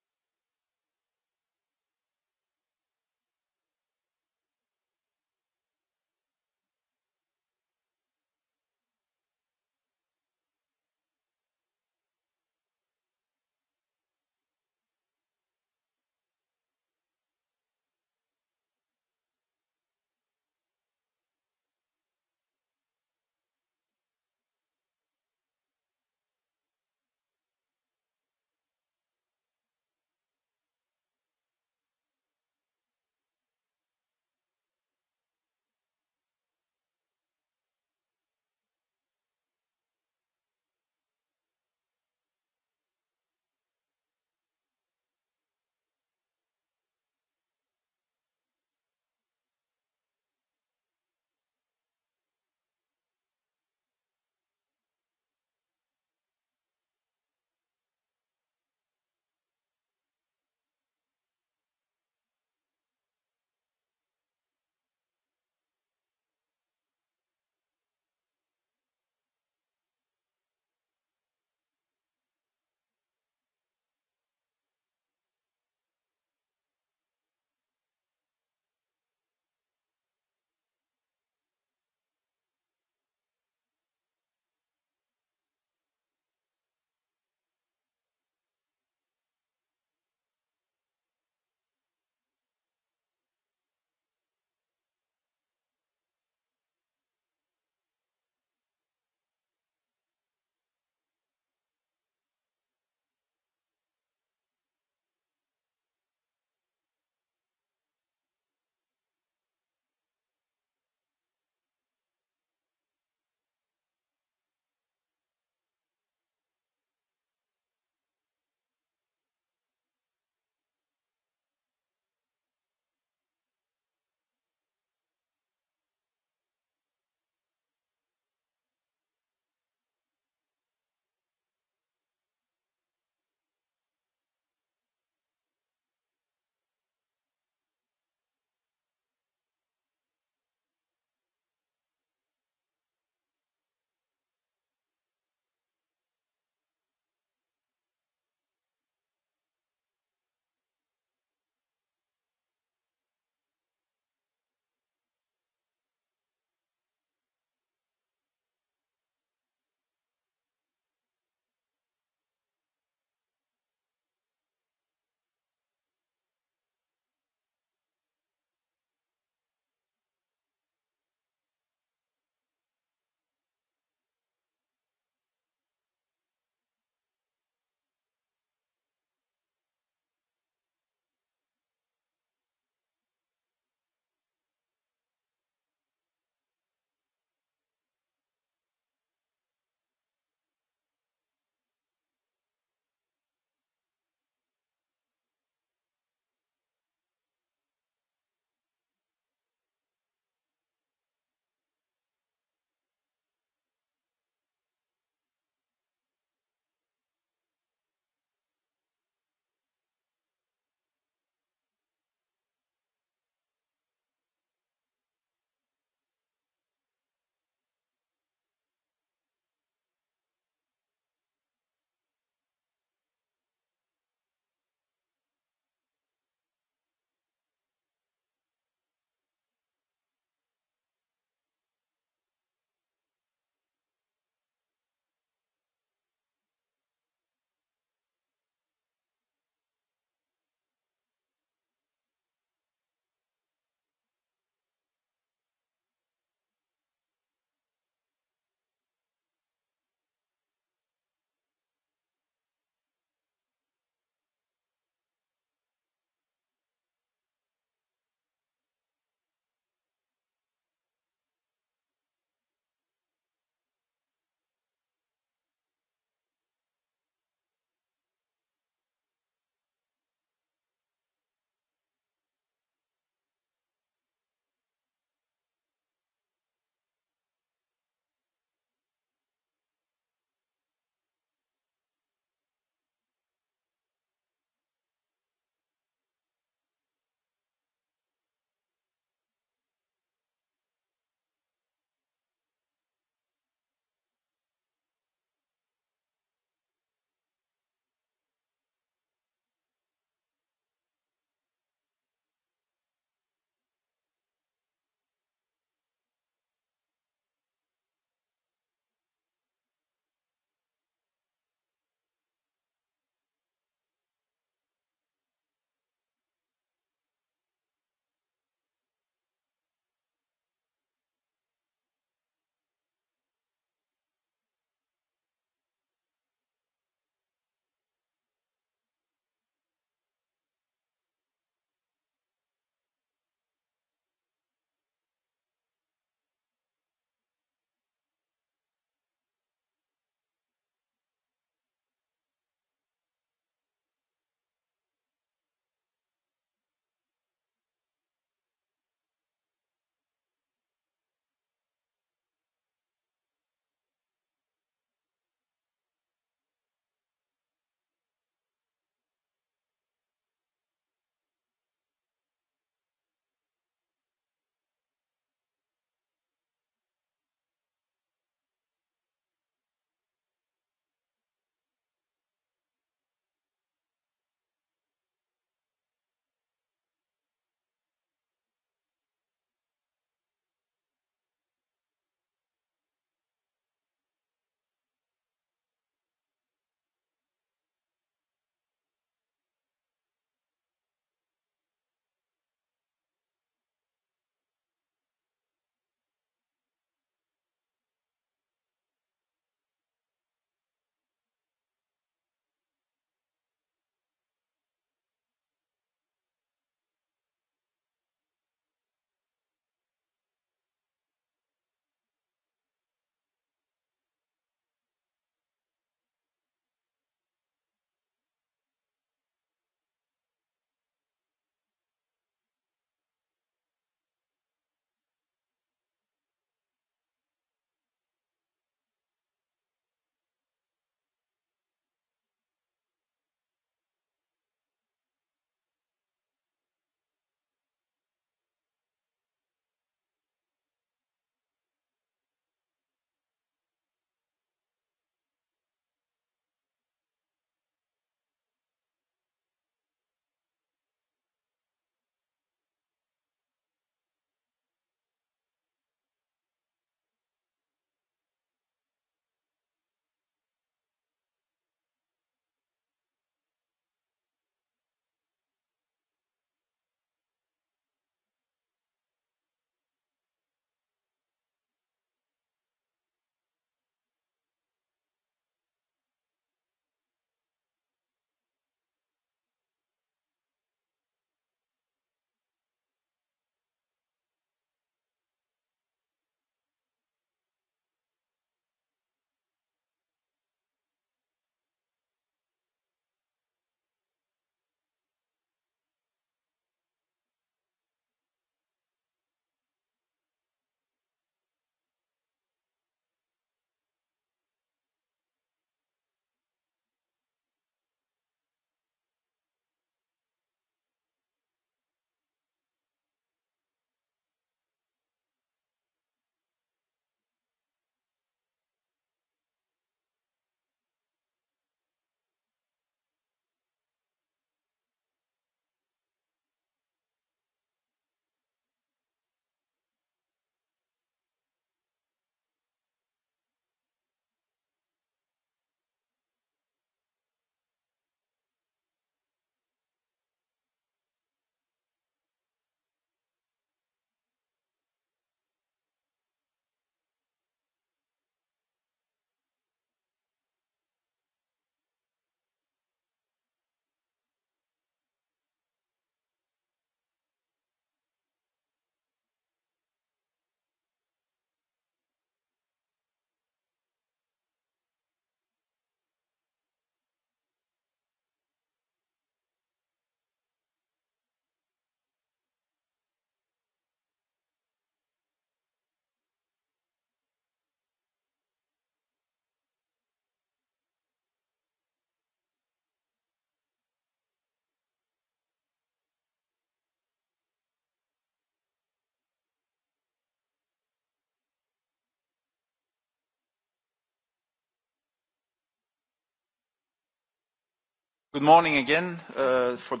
Speaker 1: Uh,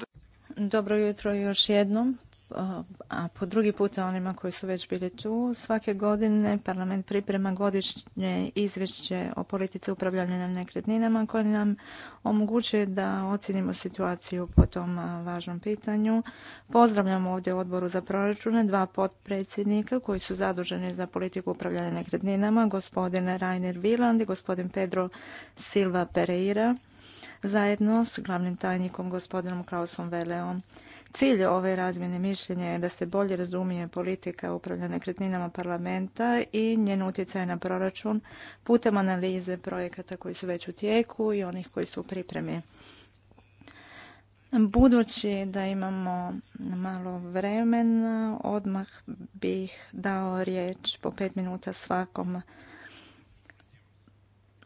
Speaker 1: Dobro jutro još jednom, uh, a po drugi puta onima koji su već bili tu. Svake godine parlament priprema godišnje izvješće o politici upravljanja na nekretninama koje nam omogućuje da ocijenimo situaciju po tom uh, važnom pitanju. Pozdravljamo ovdje u odboru za proračune dva potpredsjednika koji su zaduženi za politiku upravljanja nekretninama, gospodin Rainer Viland i gospodin Pedro Silva Pereira zajedno s glavnim tajnikom gospodinom Klausom Veleom. Cilj ove razmjene mišljenja je da se bolje razumije politika upravljanja nekretninama parlamenta i njen utjecaj na proračun putem analize projekata koji su već u tijeku i onih koji su u pripremi. Budući da imamo malo vremena, odmah bih dao riječ po pet minuta svakom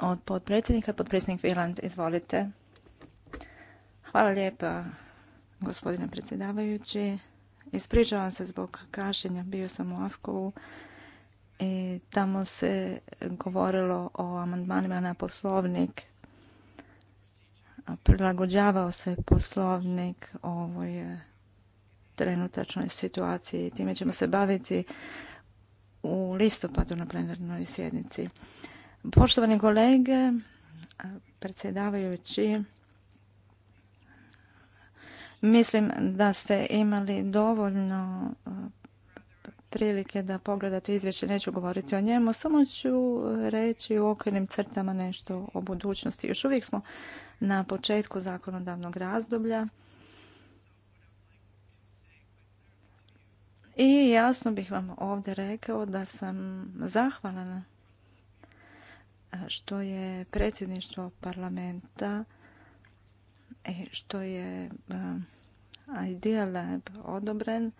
Speaker 1: od podpredsjednika. Podpredsjednik Viland, izvolite. Hvala lijepa, gospodine predsjedavajući. Ispričavam se zbog kašenja, bio sam u Afkovu i tamo se govorilo o amandmanima na poslovnik. Prilagođavao se poslovnik ovoj e, trenutačnoj situaciji. Time ćemo se baviti u listopadu na plenarnoj sjednici. Poštovani kolege, predsjedavajući, Mislim da ste imali dovoljno uh, prilike da pogledate izvješće, neću govoriti o njemu, samo ću reći u okvirnim crtama nešto o budućnosti. Još uvijek smo na početku zakonodavnog razdoblja i jasno bih vam ovdje rekao da sam zahvalana uh, što je predsjedništvo parlamenta i što je uh, Idea Lab odobren.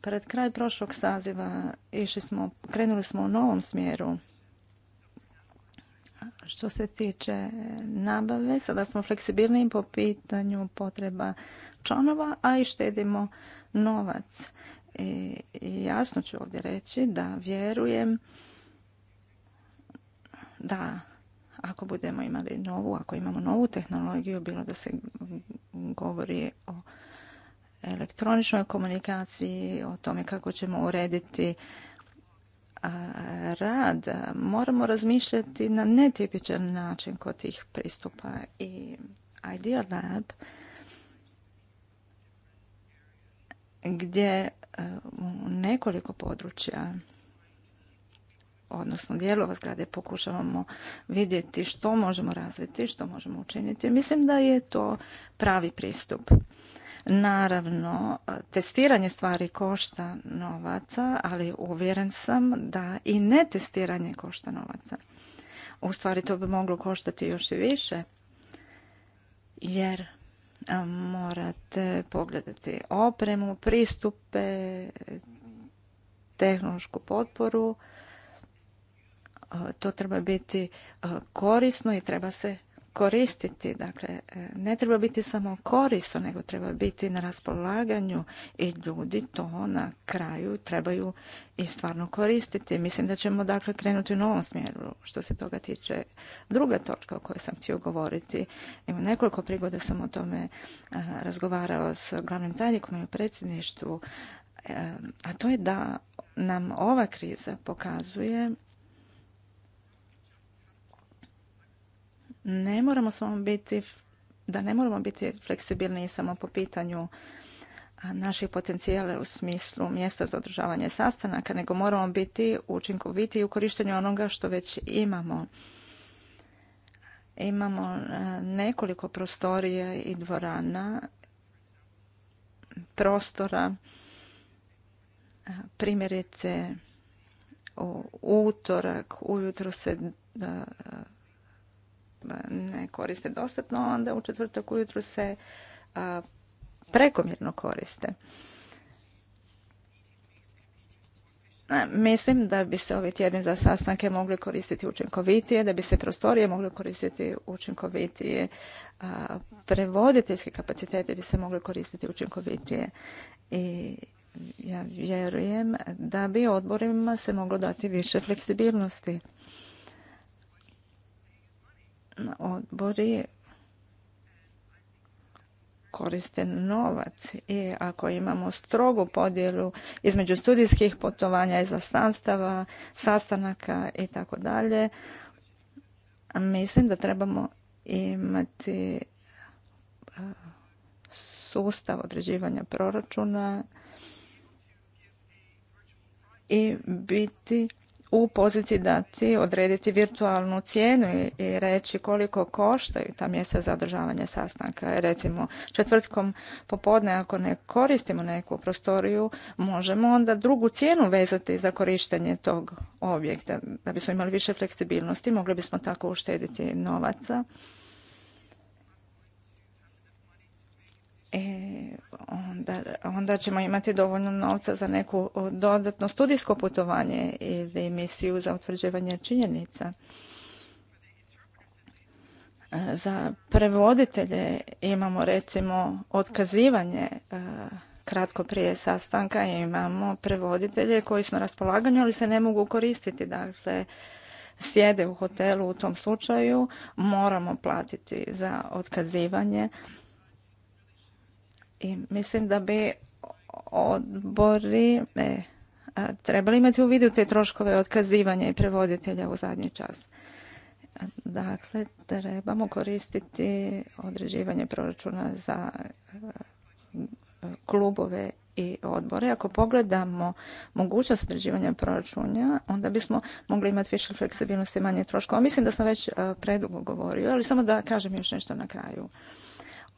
Speaker 1: Pred kraj prošlog saziva išli smo, krenuli smo u novom smjeru što se tiče nabave, sada smo fleksibilniji po pitanju potreba članova, a i štedimo novac. I jasno ću ovdje reći da vjerujem da ako budemo imali novu, ako imamo novu tehnologiju, bilo da se govori o elektroničnoj komunikaciji, o tome kako ćemo urediti rad, moramo razmišljati na netipičan način kod tih pristupa i Idea Lab gdje e, u nekoliko područja odnosno dijelova zgrade pokušavamo vidjeti što možemo razviti, što možemo učiniti. Mislim da je to pravi pristup. Naravno, testiranje stvari košta novaca, ali uvjeren sam da i ne testiranje košta novaca. U stvari to bi moglo koštati još i više, jer morate pogledati opremu, pristupe, tehnološku potporu, to treba biti korisno i treba se koristiti. Dakle, e, ne treba biti samo korisno, nego treba biti na raspolaganju i ljudi to na kraju trebaju i stvarno koristiti. Mislim da ćemo dakle krenuti u novom smjeru što se toga tiče. Druga točka o kojoj sam htio govoriti, ima nekoliko prigoda sam o tome e, razgovarao s glavnim tajnikom i u predsjedništvu, e, a to je da nam ova kriza pokazuje ne moramo samo biti da ne moramo biti fleksibilni samo po pitanju naših potencijala u smislu mjesta za održavanje sastanaka, nego moramo biti učinkoviti u korištenju onoga što već imamo. Imamo nekoliko prostorija i dvorana, prostora, primjerice u utorak, ujutro se ne koriste dostatno, onda u četvrtak ujutru se prekomjerno koriste. E, mislim da bi se ovi tjedni za sastanke mogli koristiti učinkovitije, da bi se prostorije mogli koristiti učinkovitije, prevoditeljske kapacitete bi se mogli koristiti učinkovitije. I ja vjerujem da bi odborima se moglo dati više fleksibilnosti odbori koriste novac i ako imamo strogu podjelu između studijskih putovanja, zastanstava, sastanaka i tako dalje, mislim da trebamo imati e, sustav određivanja proračuna i biti u poziciji odrediti virtualnu cijenu i reći koliko koštaju ta mjesta održavanje sastanka. Recimo četvrtkom popodne ako ne koristimo neku prostoriju možemo onda drugu cijenu vezati za korištenje tog objekta. Da bismo imali više fleksibilnosti mogli bismo tako uštediti novaca onda, ćemo imati dovoljno novca za neko dodatno studijsko putovanje ili misiju za utvrđivanje činjenica. E, za prevoditelje imamo recimo otkazivanje e, kratko prije sastanka imamo prevoditelje koji su na raspolaganju, ali se ne mogu koristiti. Dakle, sjede u hotelu u tom slučaju, moramo platiti za otkazivanje i mislim da bi odbori e, trebali imati u vidu te troškove otkazivanja i prevoditelja u zadnji čas. Dakle, trebamo koristiti određivanje proračuna za e, klubove i odbore. Ako pogledamo mogućnost određivanja proračuna, onda bismo mogli imati više fleksibilnosti i manje troškova. Mislim da sam već e, predugo govorio, ali samo da kažem još nešto na kraju.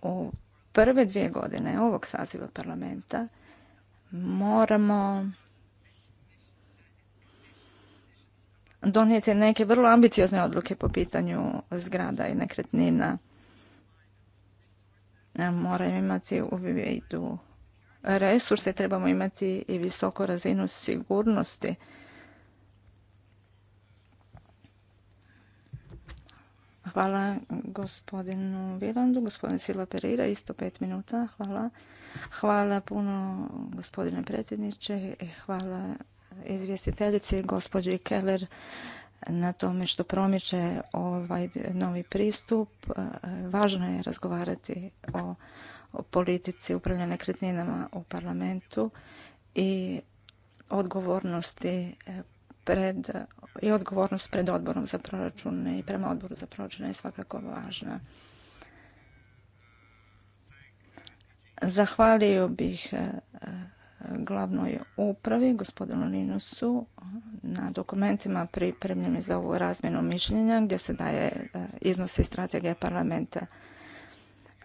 Speaker 1: U prve dvije godine ovog saziva parlamenta moramo donijeti neke vrlo ambiciozne odluke po pitanju zgrada i nekretnina. Moramo imati u vidu resurse, trebamo imati i visoku razinu sigurnosti Hvala gospodinu Vilandu. Gospodin Silva Pereira, isto pet minuta. Hvala. Hvala puno gospodine predsjedniče. E, hvala izvjestiteljici gospođi Keller na tome što promiče ovaj novi pristup. E, važno je razgovarati o, o politici upravljanja nekretninama u parlamentu i odgovornosti e, pred i odgovornost pred odborom za proračune i prema odboru za proračune je svakako važna. Zahvalio bih e, glavnoj upravi, gospodinu Linusu, na dokumentima pripremljenim za ovu razmjenu mišljenja gdje se daje e, iznosi strategije parlamenta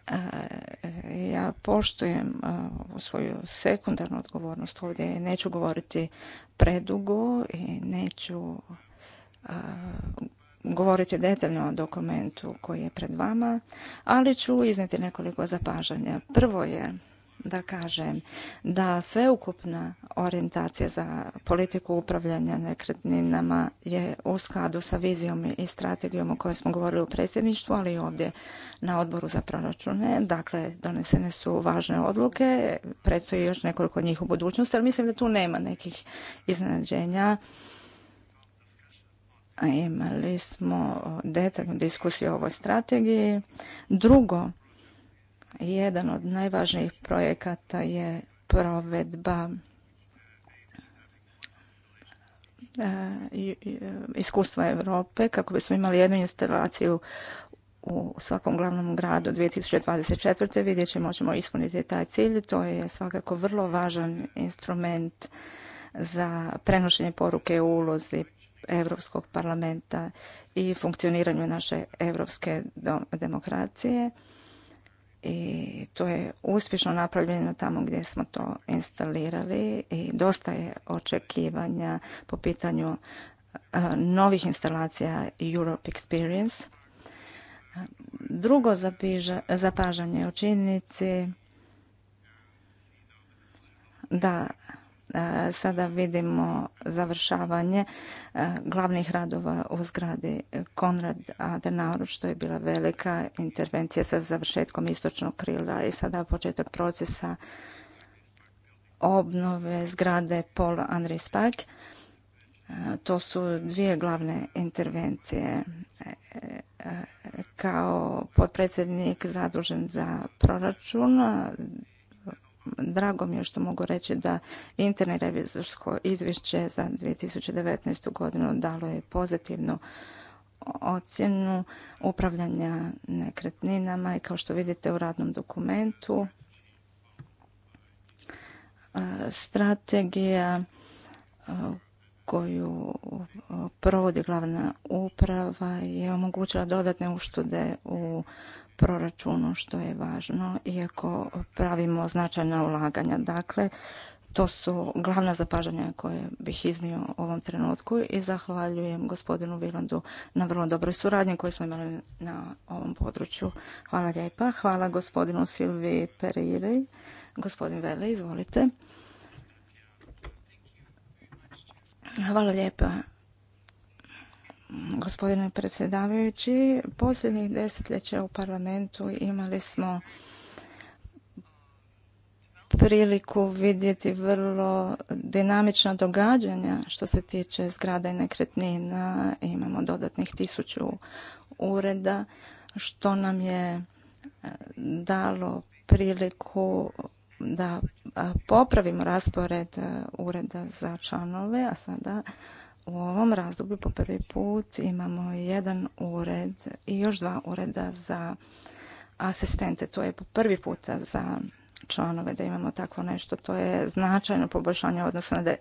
Speaker 1: Eh, ja poštujem eh, svoju sekundarnu odgovornost ovdje. Neću govoriti predugo i neću eh, govoriti detaljno o dokumentu koji je pred vama, ali ću iznijeti nekoliko zapažanja. Prvo je da kažem da sveukupna orijentacija za politiku upravljanja nekretninama je u skladu sa vizijom i strategijom o kojoj smo govorili u predsjedništvu, ali i ovdje na odboru za proračune. Dakle, donesene su važne odluke, predstoji još nekoliko njih u budućnosti, ali mislim da tu nema nekih iznenađenja. Imali smo detaljnu diskusiju o ovoj strategiji. Drugo, jedan od najvažnijih projekata je provedba e, e, iskustva Europe kako bismo imali jednu instalaciju u svakom glavnom gradu 2024. vidjet ćemo ispuniti taj cilj. To je svakako vrlo važan instrument za prenošenje poruke u ulozi Europskog parlamenta i funkcioniranju naše europske demokracije i to je uspješno napravljeno tamo gdje smo to instalirali i dosta je očekivanja po pitanju e, novih instalacija Europe Experience. E, drugo zapažanje o činjenici da E, sada vidimo završavanje e, glavnih radova u zgradi Konrad Adenauer, što je bila velika intervencija sa završetkom istočnog krila i sada početak procesa obnove zgrade Paul andrej To su dvije glavne intervencije. E, kao potpredsjednik zadužen za proračun drago mi je što mogu reći da interni revizorsko izvješće za 2019. godinu dalo je pozitivnu ocjenu upravljanja nekretninama i kao što vidite u radnom dokumentu e, strategija e, koju provodi glavna uprava je omogućila dodatne uštude u proračunu što je važno iako pravimo značajna ulaganja. Dakle, to su glavna zapažanja koje bih iznio u ovom trenutku i zahvaljujem gospodinu Vilandu na vrlo dobroj suradnji koju smo imali na ovom području. Hvala lijepa. Hvala gospodinu Silvi Periri. Gospodin Vele, izvolite. Hvala lijepa gospodine predsjedavajući. Posljednjih desetljeća u parlamentu imali smo priliku vidjeti vrlo dinamična događanja što se tiče zgrada i nekretnina. Imamo dodatnih tisuću ureda što nam je e, dalo priliku da popravimo raspored e, ureda za članove, a sada u ovom razdoblju po prvi put imamo jedan ured i još dva ureda za asistente. To je po prvi puta za članove da imamo takvo nešto. To je značajno poboljšanje odnosno na,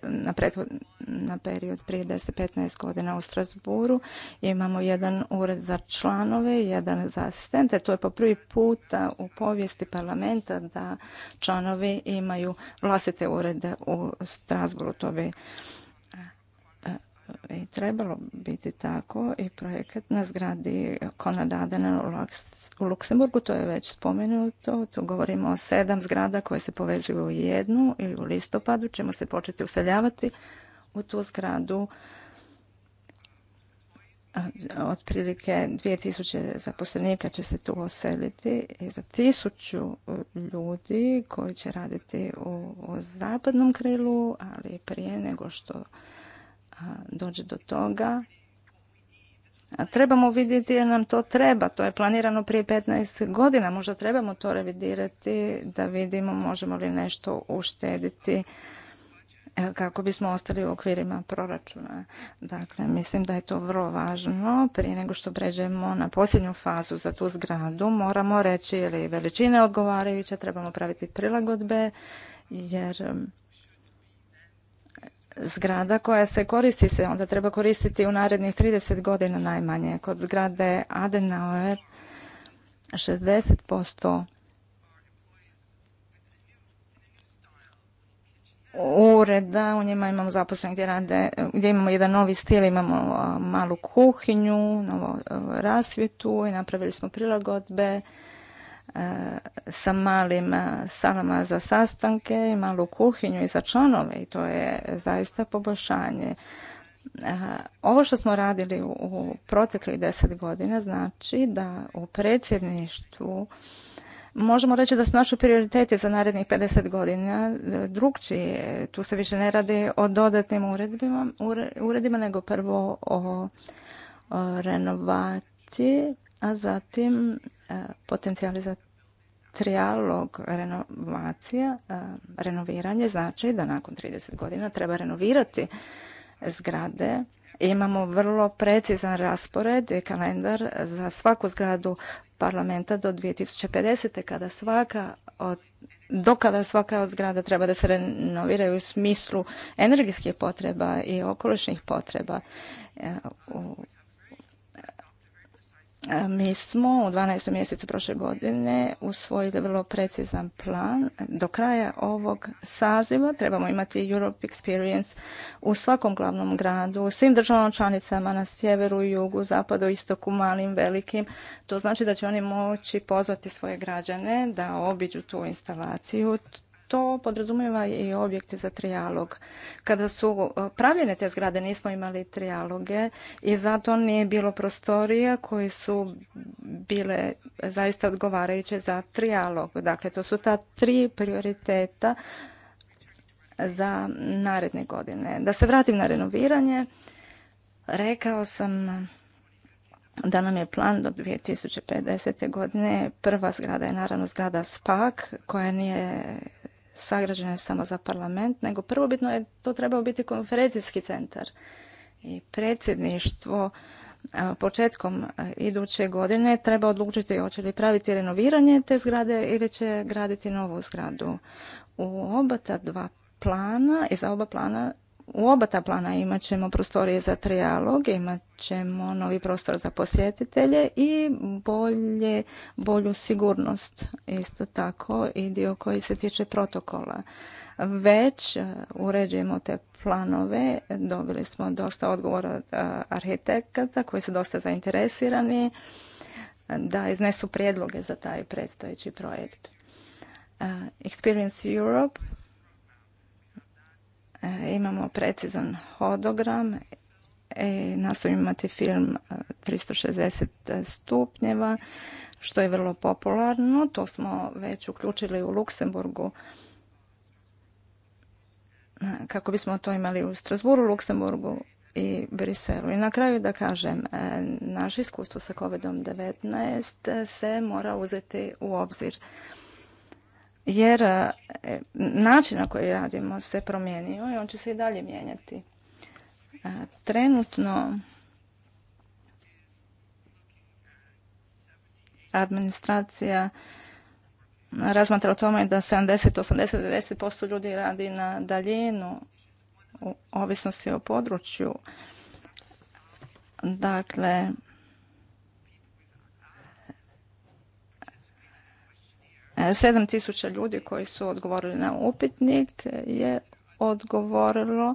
Speaker 1: na, period prije 10-15 godina u Strasburu. Imamo jedan ured za članove, jedan za asistente. To je po prvi puta u povijesti parlamenta da članovi imaju vlastite urede u Strasburu. To bi i trebalo biti tako i projekat na zgradi adena u Luksemburgu, to je već spomenuto, tu govorimo o sedam zgrada koje se povezuju u jednu i u listopadu ćemo se početi useljavati u tu zgradu otprilike 2000 zaposlenika će se tu oseliti i za 1000 e, ljudi koji će raditi u, u zapadnom krilu, ali prije nego što dođe do toga. A trebamo vidjeti jer nam to treba. To je planirano prije 15 godina. Možda trebamo to revidirati da vidimo možemo li nešto uštediti e, kako bismo ostali u okvirima proračuna. Dakle, mislim da je to vrlo važno. Prije nego što pređemo na posljednju fazu za tu zgradu, moramo reći ili veličine odgovarajuće, trebamo praviti prilagodbe, jer zgrada koja se koristi se onda treba koristiti u narednih 30 godina najmanje. Kod zgrade Adenauer 60% ureda, u njima imamo zaposlenih gdje rade, gdje imamo jedan novi stil, imamo malu kuhinju, novo rasvjetu i napravili smo prilagodbe E, sa malim e, salama za sastanke i malu kuhinju i za članove i to je zaista poboljšanje. E, ovo što smo radili u proteklih deset godina znači da u predsjedništvu možemo reći da su naši prioriteti za narednih 50 godina drugčije. Tu se više ne radi o dodatnim uredbima, uredima nego prvo o renovaciji, a zatim E, potencijali trijalog renovacija, e, renoviranje znači da nakon 30 godina treba renovirati zgrade. Imamo vrlo precizan raspored i kalendar za svaku zgradu parlamenta do 2050. kada svaka od do kada svaka od zgrada treba da se renoviraju u smislu energetskih potreba i okolišnih potreba e, u E, mi smo u 12. mjesecu prošle godine usvojili vrlo precizan plan. Do kraja ovog saziva trebamo imati Europe Experience u svakom glavnom gradu, u svim državama članicama na sjeveru, jugu, zapadu, istoku, malim, velikim. To znači da će oni moći pozvati svoje građane da obiđu tu instalaciju to podrazumijeva i objekte za trijalog. Kada su e, pravljene te zgrade nismo imali trijaloge i zato nije bilo prostorija koje su bile zaista odgovarajuće za trijalog. Dakle, to su ta tri prioriteta za naredne godine. Da se vratim na renoviranje, rekao sam da nam je plan do 2050. godine. Prva zgrada je naravno zgrada SPAK koja nije sagrađene samo za parlament, nego prvobitno je to trebao biti konferencijski centar. I predsjedništvo e, početkom e, iduće godine treba odlučiti hoće li praviti renoviranje te zgrade ili će graditi novu zgradu. U oba ta dva plana i za oba plana u oba ta plana imat ćemo prostorije za trijalog, imat ćemo novi prostor za posjetitelje i bolje, bolju sigurnost. Isto tako i dio koji se tiče protokola. Već e, uređujemo te planove, dobili smo dosta odgovora e, arhitekata koji su dosta zainteresirani e, da iznesu prijedloge za taj predstojeći projekt. Experience Europe E, imamo precizan hodogram i nastojimo imati film 360 e, stupnjeva, što je vrlo popularno. To smo već uključili u Luksemburgu e, kako bismo to imali u Strasburu, Luksemburgu i Briselu. I na kraju da kažem, naše iskustvo sa COVID-19 se mora uzeti u obzir jer e, način na koji radimo se promijenio i on će se i dalje mijenjati. E, trenutno administracija razmatra o tome da 70, 80, 90% ljudi radi na daljinu u ovisnosti o području. Dakle, 7000 e, ljudi koji su odgovorili na upitnik je odgovorilo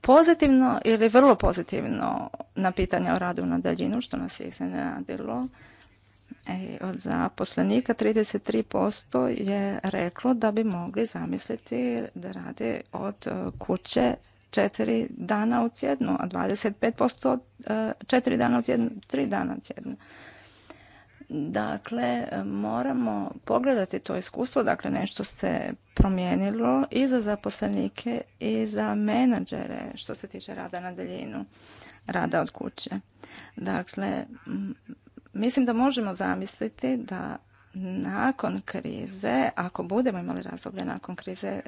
Speaker 1: pozitivno ili vrlo pozitivno na pitanje o radu na daljinu, što nas je iznenadilo. E, od zaposlenika 33% je reklo da bi mogli zamisliti da radi od e, kuće četiri dana u tjednu, a 25% e, četiri dana u tjednu, tri dana u tjednu. Dakle, moramo pogledati to iskustvo, dakle nešto se promijenilo i za zaposlenike i za menadžere što se tiče rada na daljinu, rada od kuće. Dakle, mislim da možemo zamisliti da nakon krize, ako budemo imali razdoblje nakon krize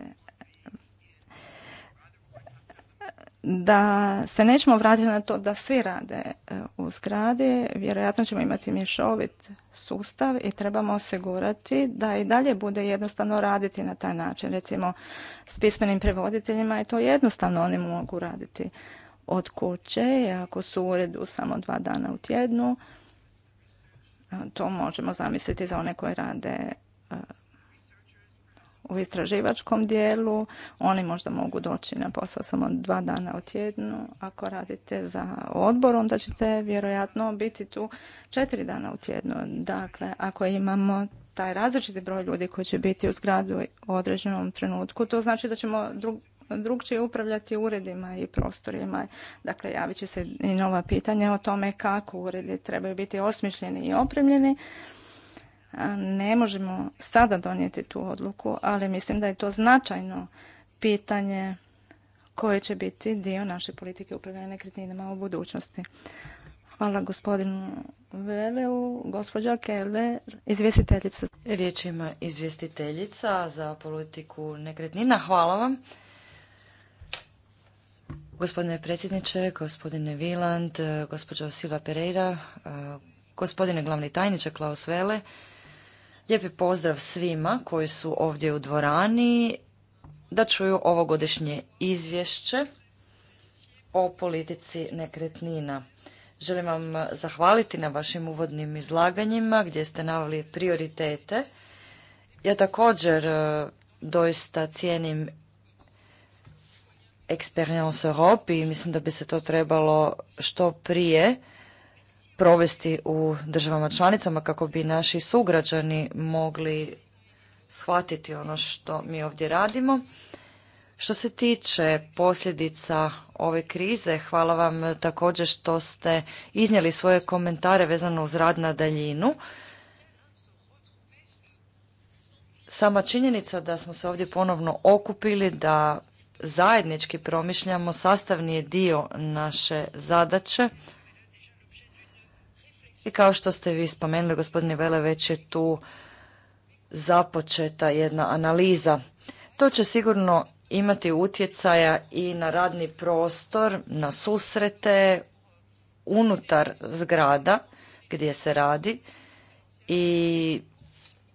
Speaker 1: da se nećemo vratiti na to da svi rade e, u zgradi, vjerojatno ćemo imati mješovit sustav i trebamo osigurati da i dalje bude jednostavno raditi na taj način. Recimo s pismenim prevoditeljima je to jednostavno, oni mogu raditi od kuće, ako su u uredu samo dva dana u tjednu, e, to možemo zamisliti za one koji rade e, u istraživačkom dijelu. Oni možda mogu doći na posao samo dva dana u tjednu. Ako radite za odbor, onda ćete vjerojatno biti tu četiri dana u tjednu. Dakle, ako imamo taj različiti broj ljudi koji će biti u zgradu u određenom trenutku, to znači da ćemo drug, drugčije upravljati uredima i prostorima. Dakle, javit će se i nova pitanja o tome kako uredi trebaju biti osmišljeni i opremljeni. Ne možemo sada donijeti tu odluku, ali mislim da je to značajno pitanje koje će biti dio naše politike upravljanja nekretninama u budućnosti. Hvala
Speaker 2: gospodinu Veleu, gospođa Keller, izvjestiteljica. Riječ ima izvjestiteljica za politiku nekretnina. Hvala vam. Gospodine predsjedniče, gospodine Viland, gospođo Silva Pereira, gospodine glavni tajniče Klaus Vele, Lijepi pozdrav svima koji su ovdje u dvorani da čuju ovogodišnje izvješće o politici nekretnina. Želim vam zahvaliti na vašim uvodnim izlaganjima gdje ste naveli prioritete. Ja također e, doista cijenim Experience Europe i mislim da bi se to trebalo što prije provesti u državama članicama kako bi naši sugrađani mogli shvatiti ono što mi ovdje radimo. Što se tiče posljedica ove krize, hvala vam također što ste iznijeli svoje komentare vezano uz rad na daljinu. Sama činjenica da smo se ovdje ponovno okupili, da zajednički promišljamo, sastavni je dio naše zadaće i kao što ste vi spomenuli, gospodine Vele, već je tu započeta jedna analiza. To će sigurno imati utjecaja i na radni prostor, na susrete unutar zgrada gdje se radi i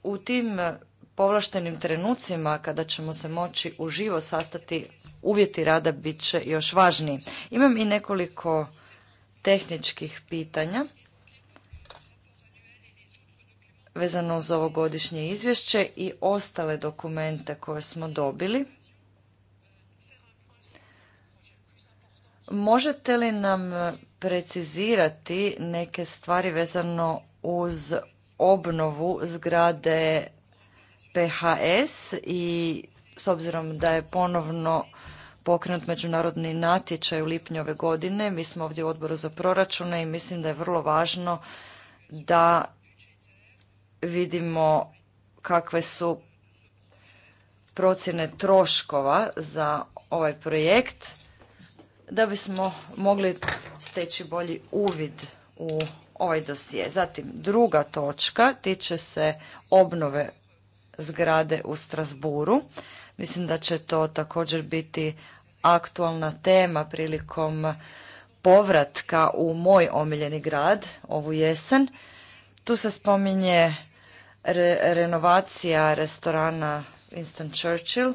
Speaker 2: u tim povlaštenim trenucima kada ćemo se moći uživo sastati uvjeti rada bit će još važniji. Imam i nekoliko tehničkih pitanja vezano uz ovogodišnje izvješće i ostale dokumente koje smo dobili. Možete li nam precizirati neke stvari vezano uz obnovu zgrade PHS i s obzirom da je ponovno pokrenut međunarodni natječaj u lipnju ove godine, mi smo ovdje u odboru za proračune i mislim da je vrlo važno da vidimo kakve su procjene troškova za ovaj projekt da bismo mogli steći bolji uvid u ovaj dosije. Zatim druga točka tiče se obnove zgrade u Strasburu. Mislim da će to također biti aktualna tema prilikom povratka u moj omiljeni grad ovu jesen. Tu se spominje renovacija restorana Winston Churchill.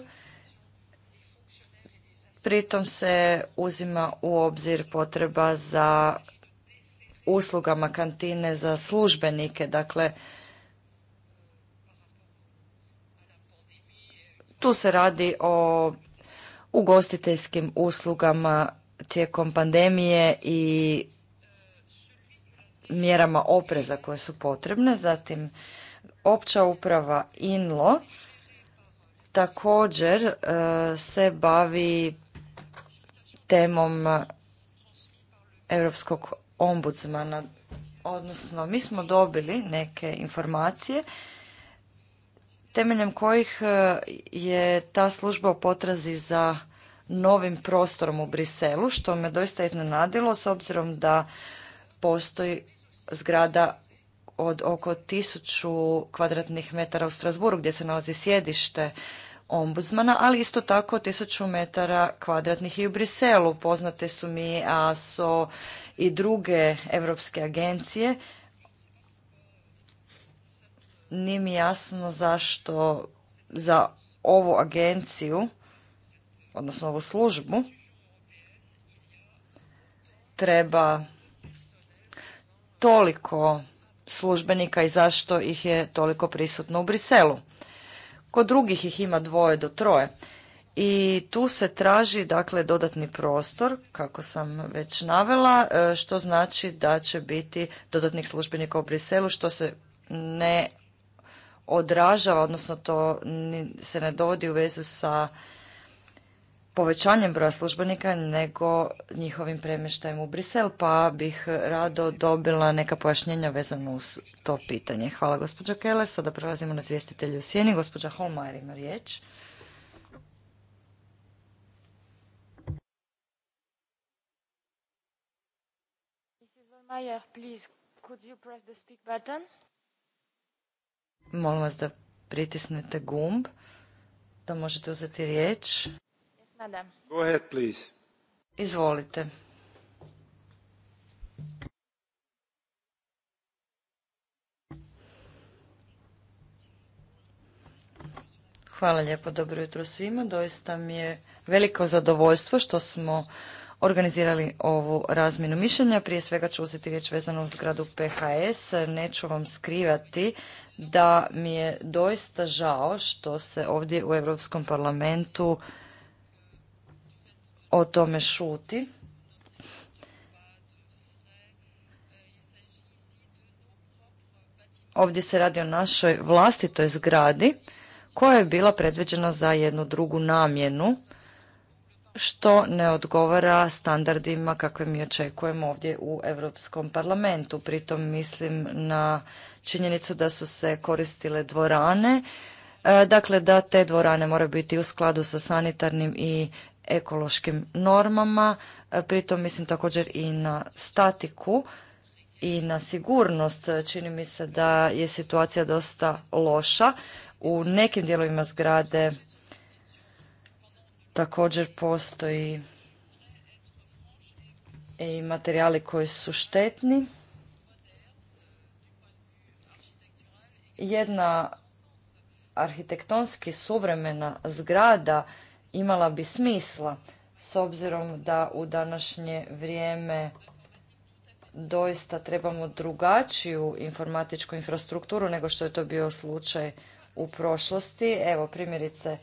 Speaker 2: Pritom se uzima u obzir potreba za uslugama kantine za službenike. Dakle, tu se radi o ugostiteljskim uslugama tijekom pandemije i mjerama opreza koje su potrebne. Zatim, opća uprava INLO također e, se bavi temom Europskog ombudsmana, odnosno mi smo dobili neke informacije temeljem kojih e, je ta služba u potrazi za novim prostorom u Briselu, što me doista iznenadilo s obzirom da postoji zgrada od oko 1000 kvadratnih metara u Strasburu gdje se nalazi sjedište ombudsmana, ali isto tako 1000 metara kvadratnih i u Briselu. Poznate su mi ASO i druge evropske agencije. Nije mi jasno zašto za ovu agenciju, odnosno ovu službu, treba toliko službenika i zašto ih je toliko prisutno u Briselu. Kod drugih ih ima dvoje do troje. I tu se traži dakle dodatni prostor, kako sam već navela, e, što znači da će biti dodatnih službenika u Briselu, što se ne odražava, odnosno to se ne dovodi u vezu sa povećanjem broja službenika nego njihovim premještajem u Brisel, pa bih rado dobila neka pojašnjenja vezano uz to pitanje. Hvala gospođo Keller. Sada prelazimo na zvjestitelju u sjeni. Gospođa Holmajer ima riječ. Molim vas da pritisnete gumb, da možete uzeti riječ. Izvolite. Hvala lijepo, dobro jutro svima. Doista mi je veliko zadovoljstvo što smo organizirali ovu razminu mišljenja. Prije svega ću uzeti riječ vezano uz zgradu PHS. Neću vam skrivati da mi je doista žao što se ovdje u Europskom parlamentu o tome šuti. Ovdje se radi o našoj vlastitoj zgradi koja je bila predviđena za jednu drugu namjenu što ne odgovara standardima kakve mi očekujemo ovdje u Europskom parlamentu. Pritom mislim na činjenicu da su se koristile dvorane, e, dakle da te dvorane moraju biti u skladu sa sanitarnim i ekološkim normama, e, pritom mislim također i na statiku i na sigurnost. Čini mi se da je situacija dosta loša. U nekim dijelovima zgrade također postoji i materijali koji su štetni. Jedna arhitektonski suvremena zgrada imala bi smisla s obzirom da u današnje vrijeme doista trebamo drugačiju informatičku infrastrukturu nego što je to bio slučaj u prošlosti. Evo primjerice,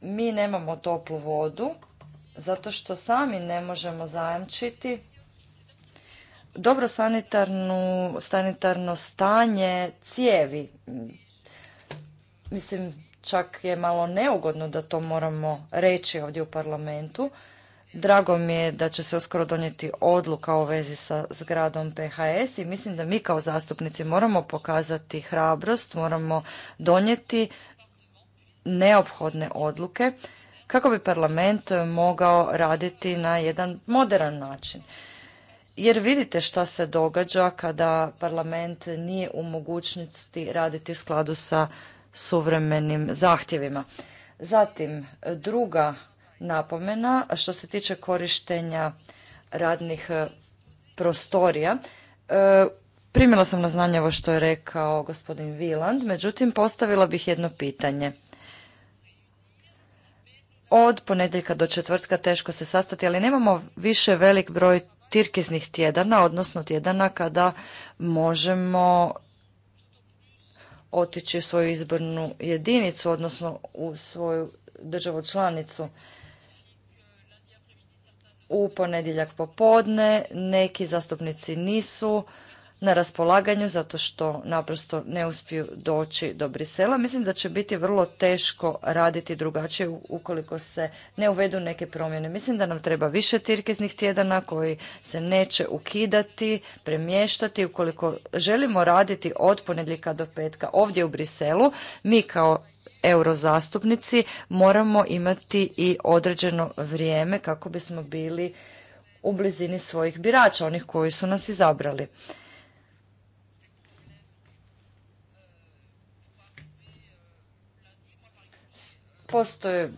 Speaker 2: mi nemamo toplu vodu zato što sami ne možemo zajamčiti dobro sanitarno stanje cijevi. Mislim, čak je malo neugodno da to moramo reći ovdje u parlamentu. Drago mi je da će se uskoro donijeti odluka u vezi sa zgradom PHS i mislim da mi kao zastupnici moramo pokazati hrabrost, moramo donijeti neophodne odluke kako bi parlament mogao raditi na jedan moderan način. Jer vidite šta se događa kada parlament nije u mogućnosti raditi u skladu sa suvremenim zahtjevima. Zatim, druga napomena što se tiče korištenja radnih e, prostorija. E, primila sam na znanje ovo što je rekao gospodin Viland, međutim postavila bih jedno pitanje. Od ponedjeljka do četvrtka teško se sastati, ali nemamo više velik broj tirkiznih tjedana, odnosno tjedana kada možemo otići u svoju izbornu jedinicu, odnosno u svoju državu članicu. U ponedjeljak popodne neki zastupnici nisu na raspolaganju zato što naprosto ne uspiju doći do Brisela. Mislim da će biti vrlo teško raditi drugačije ukoliko se ne uvedu neke promjene. Mislim da nam treba više tirkiznih tjedana koji se neće ukidati, premještati. Ukoliko želimo raditi od ponedjeljka do petka ovdje u Briselu, mi kao eurozastupnici moramo imati i određeno vrijeme kako bismo bili u blizini svojih birača, onih koji su nas izabrali. postoje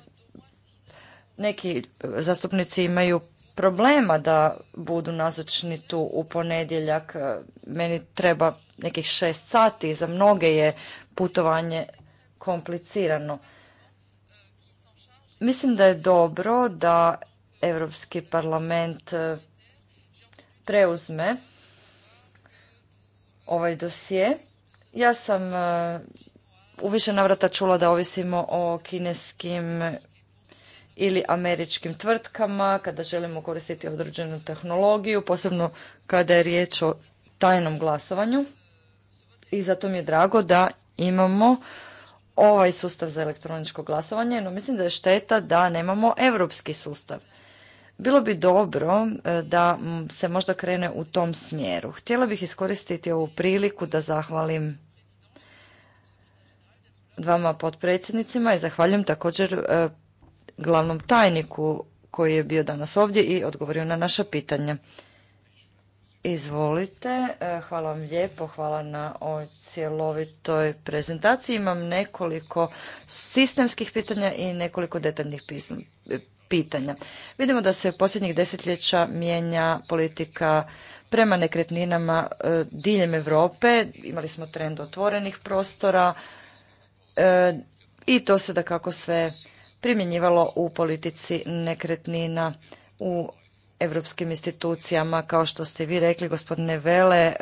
Speaker 2: neki zastupnici imaju problema da budu nazočni tu u ponedjeljak. Meni treba nekih šest sati, za mnoge je putovanje komplicirano. Mislim da je dobro da Europski parlament preuzme ovaj dosje. Ja sam u više navrata čula da ovisimo o kineskim ili američkim tvrtkama kada želimo koristiti određenu tehnologiju, posebno kada je riječ o tajnom glasovanju. I zato mi je drago da imamo ovaj sustav za elektroničko glasovanje, no mislim da je šteta da nemamo europski sustav. Bilo bi dobro e, da se možda krene u tom smjeru. Htjela bih iskoristiti ovu priliku da zahvalim vama potpredsjednicima i zahvaljujem također e, glavnom tajniku koji je bio danas ovdje i odgovorio na naša pitanja. Izvolite, e, hvala vam lijepo, hvala na ovoj cjelovitoj prezentaciji. Imam nekoliko sistemskih pitanja i nekoliko detaljnih pitanja. Vidimo da se posljednjih desetljeća mijenja politika prema nekretninama e, diljem Europe. Imali smo trend otvorenih prostora, E, i to se da kako sve primjenjivalo u politici nekretnina u europskim institucijama kao što ste vi rekli gospodine Vele e,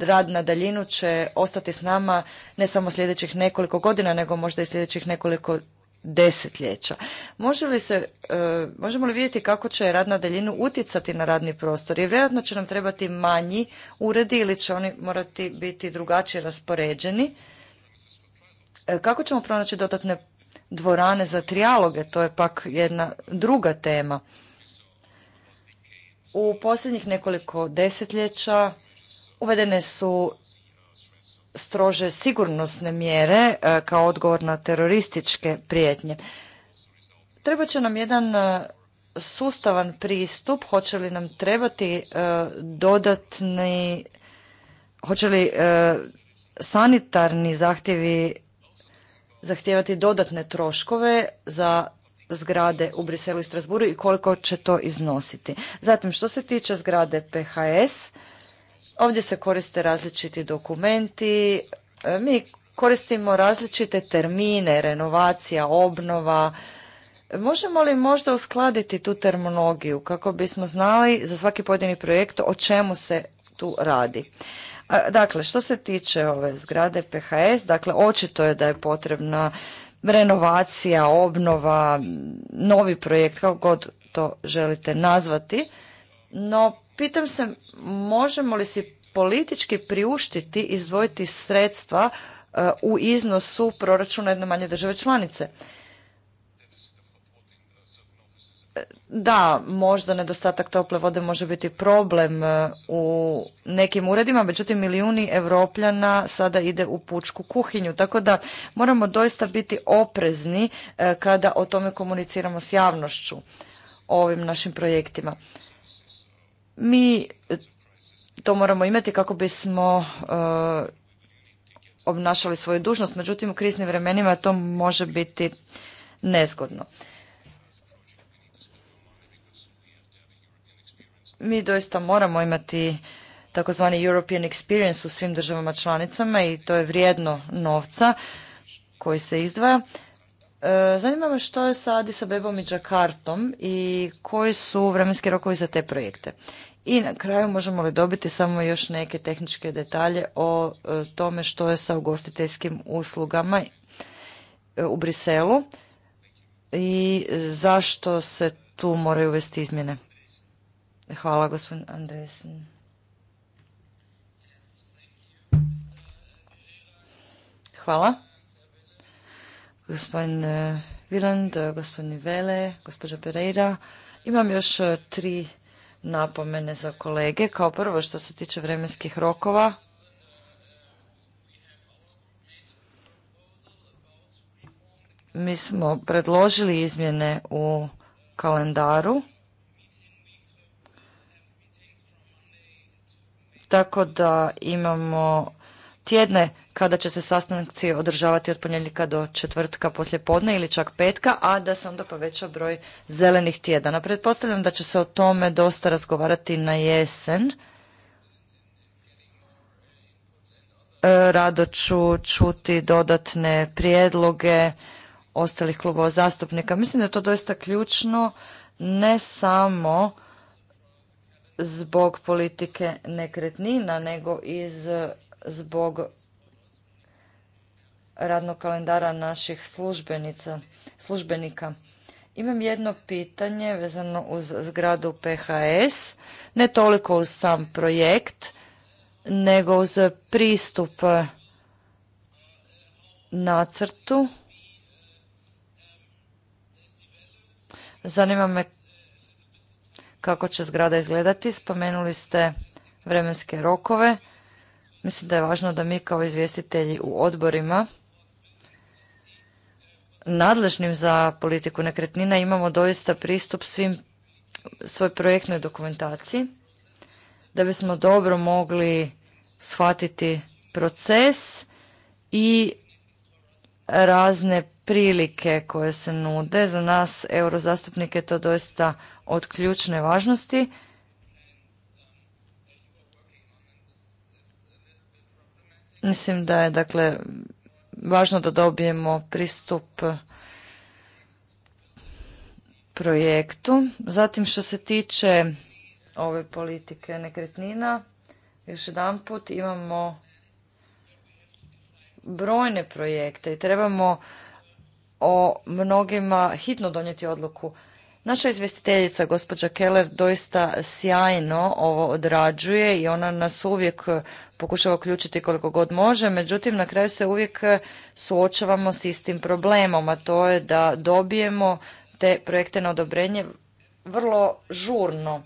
Speaker 2: rad na daljinu će ostati s nama ne samo sljedećih nekoliko godina nego možda i sljedećih nekoliko desetljeća. E, možemo li vidjeti kako će rad na daljinu utjecati na radni prostor? I vjerojatno će nam trebati manji uredi ili će oni morati biti drugačije raspoređeni E, kako ćemo pronaći dodatne dvorane za trijaloge? To je pak jedna druga tema. U posljednjih nekoliko desetljeća uvedene su strože sigurnosne mjere e, kao odgovor na terorističke prijetnje. Treba će nam jedan e, sustavan pristup, hoće li nam trebati dodatni, hoće li sanitarni zahtjevi zahtijevati dodatne troškove za zgrade u Briselu i Strasburu i koliko će to iznositi. Zatim, što se tiče zgrade PHS, ovdje se koriste različiti dokumenti. E, mi koristimo različite termine, renovacija, obnova. Možemo li možda uskladiti tu terminologiju kako bismo znali za svaki pojedini projekt o čemu se tu radi? Dakle, što se tiče ove zgrade PHS, dakle, očito je da je potrebna renovacija, obnova, novi projekt, kako god to želite nazvati. No, pitam se, možemo li si politički priuštiti izdvojiti sredstva e, u iznosu proračuna jedne manje države članice? da, možda nedostatak tople vode može biti problem e, u nekim uredima, međutim milijuni Evropljana sada ide u pučku kuhinju, tako da moramo doista biti oprezni e, kada o tome komuniciramo s javnošću o ovim našim projektima. Mi to moramo imati kako bismo e, obnašali svoju dužnost, međutim u kriznim vremenima to može biti nezgodno. Mi doista moramo imati takozvani European Experience u svim državama članicama i to je vrijedno novca koji se izdvaja. E, zanima me što je sa Bebom Abebom i Jakartom i koji su vremenski rokovi za te projekte. I na kraju možemo li dobiti samo još neke tehničke detalje o e, tome što je sa ugostiteljskim uslugama e, u Briselu i zašto se tu moraju uvesti izmjene. Hvala, gospodin Andresen. Hvala. Gospodin eh, Viland, eh, gospodin Vele, gospođa Pereira. Imam još eh, tri napomene za kolege. Kao prvo što se tiče vremenskih rokova, mi smo predložili izmjene u kalendaru tako da imamo tjedne kada će se sastanci održavati od ponedjeljka do četvrtka poslje podne ili čak petka, a da se onda poveća broj zelenih tjedana. Pretpostavljam da će se o tome dosta razgovarati na jesen. E, rado ću čuti dodatne prijedloge ostalih klubova zastupnika. Mislim da je to doista ključno ne samo zbog politike nekretnina, nego iz zbog radnog kalendara naših službenica, službenika. Imam jedno pitanje vezano uz zgradu PHS, ne toliko uz sam projekt, nego uz pristup nacrtu. Zanima me kako će zgrada izgledati. Spomenuli ste vremenske rokove. Mislim da je važno da mi kao izvjestitelji u odborima nadležnim za politiku nekretnina imamo doista pristup svim svoj projektnoj dokumentaciji da bismo dobro mogli shvatiti proces i razne prilike koje se nude. Za nas, eurozastupnike, je to doista od ključne važnosti. Mislim da je, dakle, važno da dobijemo pristup projektu. Zatim, što se tiče ove politike nekretnina, još jedan put imamo brojne projekte i trebamo o mnogima hitno donijeti odluku. Naša izvjestiteljica, gospođa Keller, doista sjajno ovo odrađuje i ona nas uvijek pokušava uključiti koliko god može, međutim na kraju se uvijek suočavamo s istim problemom, a to je da dobijemo te projekte na odobrenje vrlo žurno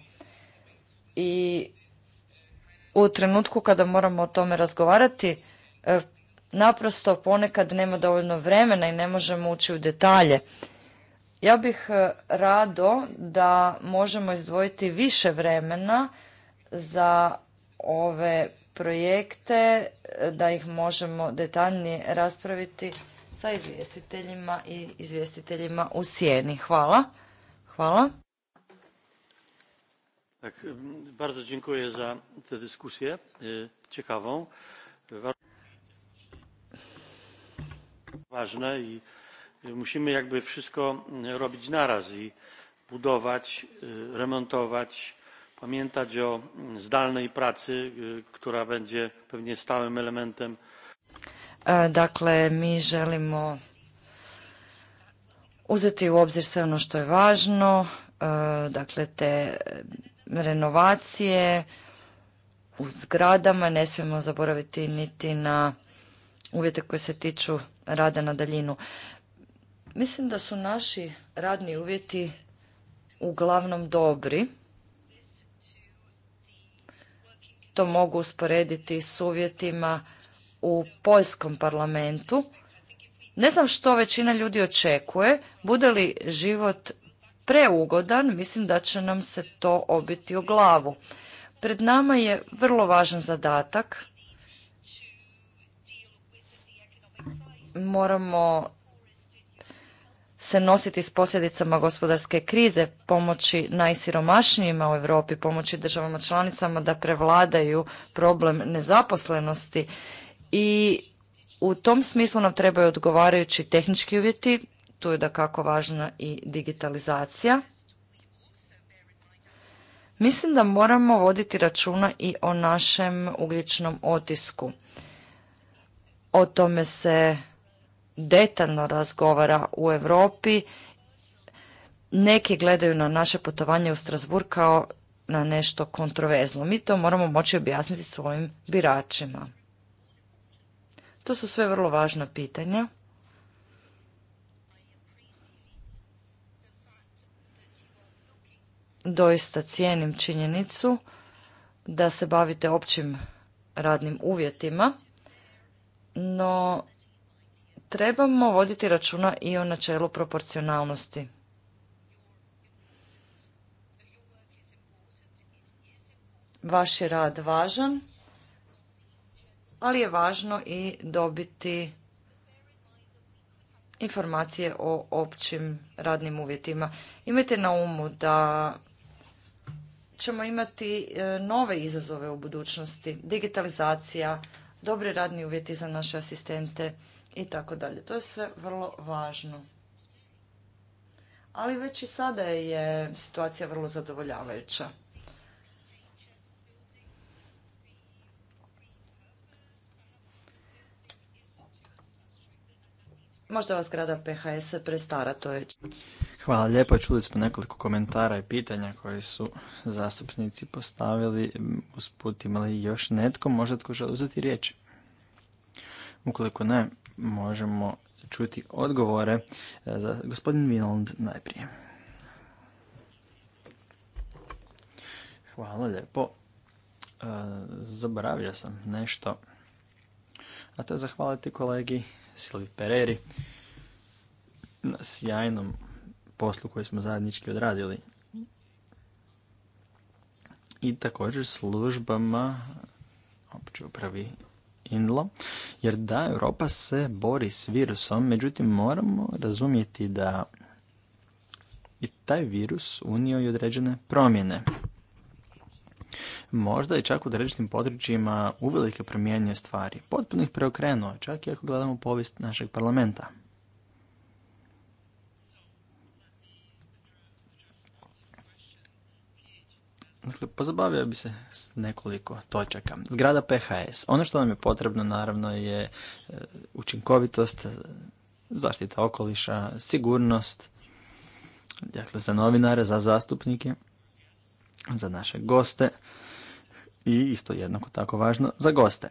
Speaker 2: i u trenutku kada moramo o tome razgovarati naprosto ponekad nema dovoljno vremena i ne možemo ući u detalje. Ja bih e, rado da možemo izdvojiti više vremena za ove projekte, e, da ih možemo detaljnije raspraviti sa izvjestiteljima i izvjestiteljima u sjeni. Hvala. Hvala.
Speaker 3: Tak, bardzo dziękuję za tę dyskusję e, ciekawą ważne i musimy jakby wszystko e, robić naraz i budować, e, remontować, pamiętać o mm, zdalnej pracy, e, która będzie pewnie stałym elementem.
Speaker 2: Dakle, mi želimo uzeti u obzir sve ono što je važno, dakle te renovacije u zgradama, ne smijemo zaboraviti niti na uvjete koje se tiču rada na daljinu. Mislim da su naši radni uvjeti uglavnom dobri. To mogu usporediti s uvjetima u poljskom parlamentu. Ne znam što većina ljudi očekuje. Bude li život preugodan, mislim da će nam se to obiti o glavu. Pred nama je vrlo važan zadatak moramo se nositi s posljedicama gospodarske krize, pomoći najsiromašnijima u Europi, pomoći državama članicama da prevladaju problem nezaposlenosti i u tom smislu nam trebaju odgovarajući tehnički uvjeti, tu je da kako važna i digitalizacija. Mislim da moramo voditi računa i o našem ugljičnom otisku. O tome se detaljno razgovara u Europi. Neki gledaju na naše putovanje u Strasburg kao na nešto kontroverzno. Mi to moramo moći objasniti svojim biračima. To su sve vrlo važna pitanja. Doista cijenim činjenicu da se bavite općim radnim uvjetima, no trebamo voditi računa i o načelu proporcionalnosti. Vaš je rad važan, ali je važno i dobiti informacije o općim radnim uvjetima. Imajte na umu da ćemo imati e, nove izazove u budućnosti, digitalizacija, dobri radni uvjeti za naše asistente, i tako dalje. To je sve vrlo važno. Ali već i sada je situacija vrlo zadovoljavajuća. Možda vas grada PHS prestara, to je...
Speaker 3: Hvala lijepo, čuli smo nekoliko komentara i pitanja koje su zastupnici postavili. Usput imali još netko, možda tko želi uzeti riječ? Ukoliko ne, možemo čuti odgovore e, za gospodin Vinland najprije. Hvala lijepo. E, zaboravio sam nešto. A to je zahvaliti kolegi Silvi Pereri na sjajnom poslu koji smo zajednički odradili. I također službama opće upravi Inlo jer da, Europa se bori s virusom, međutim moramo razumjeti da i taj virus unio i određene promjene. Možda je čak u određenim područjima uvelike promijenio stvari, potpuno ih preokrenuo, čak i ako gledamo povijest našeg parlamenta. Dakle, pozabavio bi se s nekoliko točaka. Zgrada PHS. Ono što nam je potrebno, naravno, je e, učinkovitost, e, zaštita okoliša, sigurnost, dakle, za novinare, za zastupnike, za naše goste i isto jednako tako važno, za goste.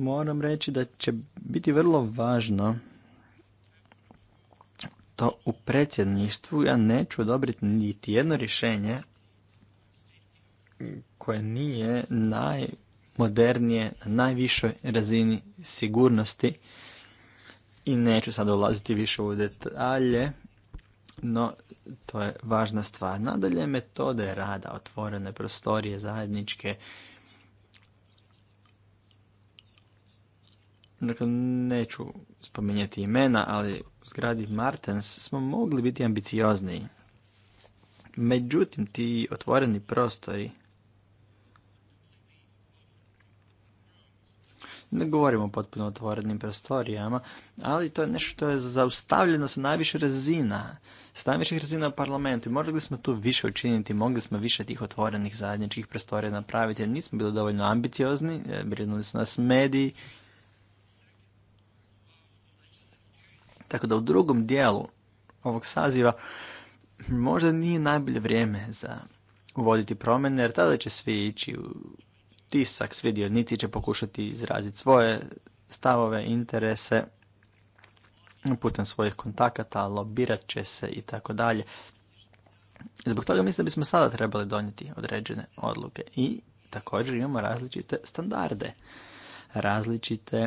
Speaker 3: Moram reći da će biti vrlo važno u predsjedništvu ja neću odobriti niti jedno rješenje koje nije najmodernije, na najvišoj razini sigurnosti i neću sad ulaziti više u detalje, no to je važna stvar. Nadalje metode rada, otvorene prostorije, zajedničke Dakle, neću spominjati imena, ali u zgradi Martens smo mogli biti ambiciozniji. Međutim, ti otvoreni prostori ne govorimo o potpuno otvorenim prostorijama, ali to je nešto što je zaustavljeno sa najviše razina, s najviših razina u parlamentu i morali smo tu više učiniti, mogli smo više tih otvorenih zajedničkih prostorija napraviti, jer nismo bili dovoljno ambiciozni, e, brinuli su nas mediji Tako da u drugom dijelu ovog saziva možda nije najbolje vrijeme za uvoditi promjene, jer tada će svi ići u tisak, svi dionici će pokušati izraziti svoje stavove, interese putem svojih kontakata, lobirat će se i tako dalje. Zbog toga mislim da bismo sada trebali donijeti određene odluke i također imamo različite standarde, različite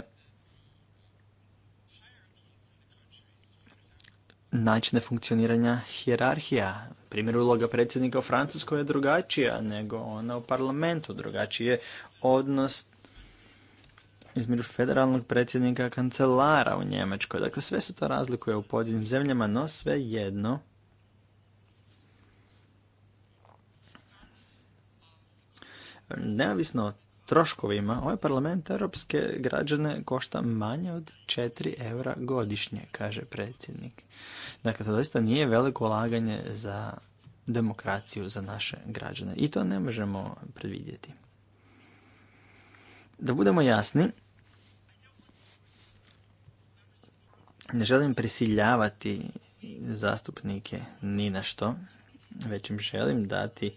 Speaker 3: načine funkcioniranja hjerarhija. Primjer uloga predsjednika u Francuskoj je drugačija nego ona u parlamentu. Drugačiji je odnos između federalnog predsjednika kancelara u Njemačkoj. Dakle, sve se to razlikuje u pojedinim zemljama, no sve jedno neovisno o troškovima, ovaj parlament europske građane košta manje od 4 eura godišnje, kaže predsjednik. Dakle, to doista nije veliko ulaganje za demokraciju za naše građane i to ne možemo predvidjeti. Da budemo jasni, ne želim prisiljavati zastupnike ni na što, već im želim dati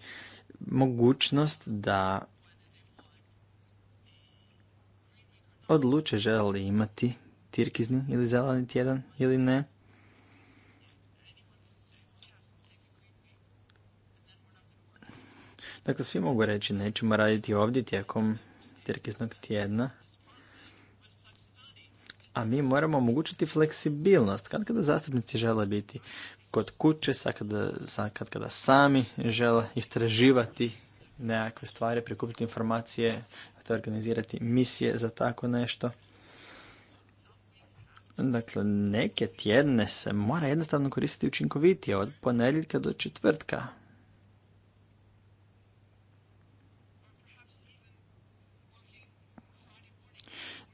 Speaker 3: mogućnost da odluče žele li imati tirkizni ili zeleni tjedan ili ne. Dakle, svi mogu reći nećemo raditi ovdje tijekom tirkiznog tjedna, a mi moramo omogućiti fleksibilnost. Kad kada zastupnici žele biti kod kuće, kad kada sami žele istraživati nekakve stvari, prikupiti informacije, morate organizirati misije za tako nešto. Dakle, neke tjedne se mora jednostavno koristiti učinkovitije od ponedjeljka do četvrtka.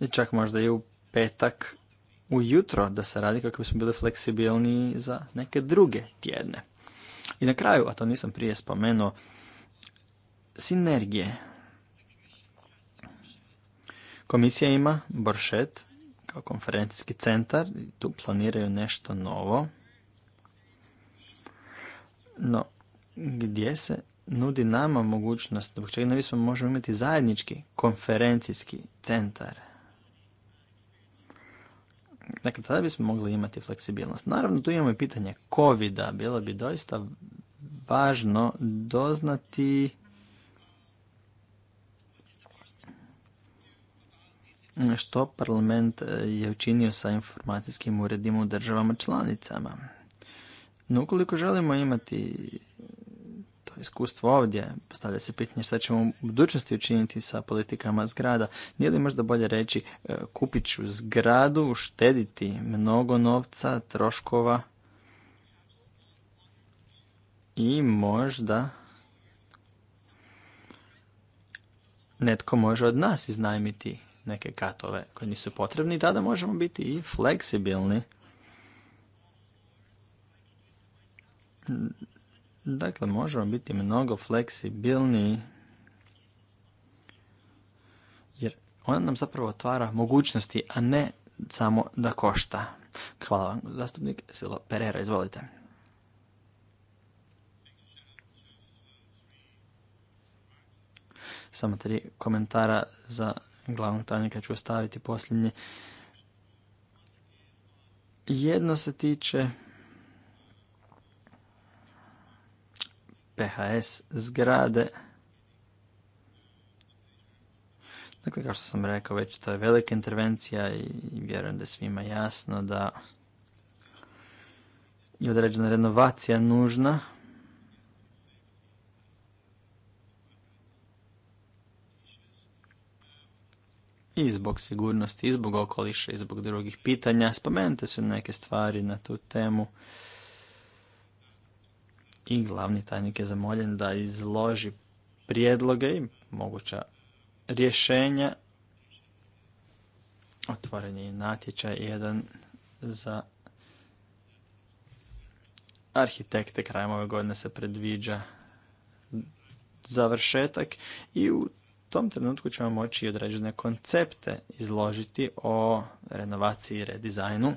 Speaker 3: I čak možda i u petak ujutro da se radi kako bismo bili fleksibilni za neke druge tjedne. I na kraju, a to nisam prije spomenuo, sinergije. Komisija ima Boršet kao konferencijski centar, tu planiraju nešto novo. No, gdje se nudi nama mogućnost, zbog čega ne bismo možemo imati zajednički konferencijski centar. Dakle, tada bismo mogli imati fleksibilnost. Naravno, tu imamo i pitanje covid -a. Bilo bi doista važno doznati što parlament e, je učinio sa informacijskim uredima u državama članicama. No ukoliko želimo imati to iskustvo ovdje, postavlja se pitanje šta ćemo u budućnosti učiniti sa politikama zgrada. Nije li možda bolje reći e, kupit ću zgradu, uštediti mnogo novca, troškova i možda netko može od nas iznajmiti neke katove koji nisu potrebni i tada možemo biti i fleksibilni. Dakle, možemo biti mnogo fleksibilniji jer ona nam zapravo otvara mogućnosti, a ne samo da košta. Hvala vam, zastupnik Silo Pereira, izvolite. Samo tri komentara za glavnog tajnika ću ostaviti posljednje. Jedno se tiče
Speaker 1: PHS
Speaker 3: zgrade. Dakle, kao što sam rekao, već to je velika intervencija i vjerujem da je svima jasno da je određena renovacija nužna, i zbog sigurnosti, i zbog okoliša, i zbog drugih pitanja. Spomenute su neke stvari na tu temu. I glavni tajnik je zamoljen da izloži prijedloge i moguća rješenja. Otvoren je natječaj jedan za arhitekte. Krajem ove godine se predviđa završetak i u tom trenutku ćemo moći određene koncepte izložiti o renovaciji i redizajnu.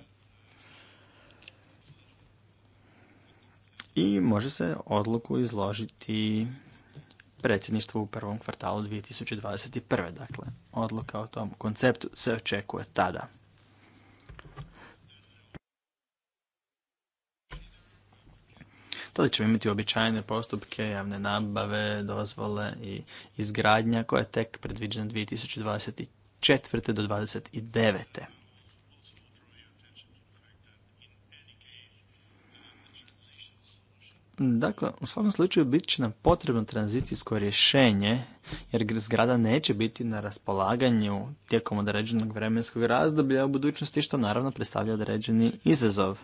Speaker 3: I može se odluku izložiti predsjedništvu u prvom kvartalu 2021. Dakle, odluka o tom konceptu se očekuje tada. Da ćemo imati običajne postupke, javne nabave, dozvole i izgradnja koja je tek predviđena 2024. do 2029. Dakle, u svakom slučaju bit će nam potrebno tranzicijsko rješenje, jer zgrada neće biti na raspolaganju tijekom određenog vremenskog razdoblja u budućnosti, što naravno predstavlja određeni izazov.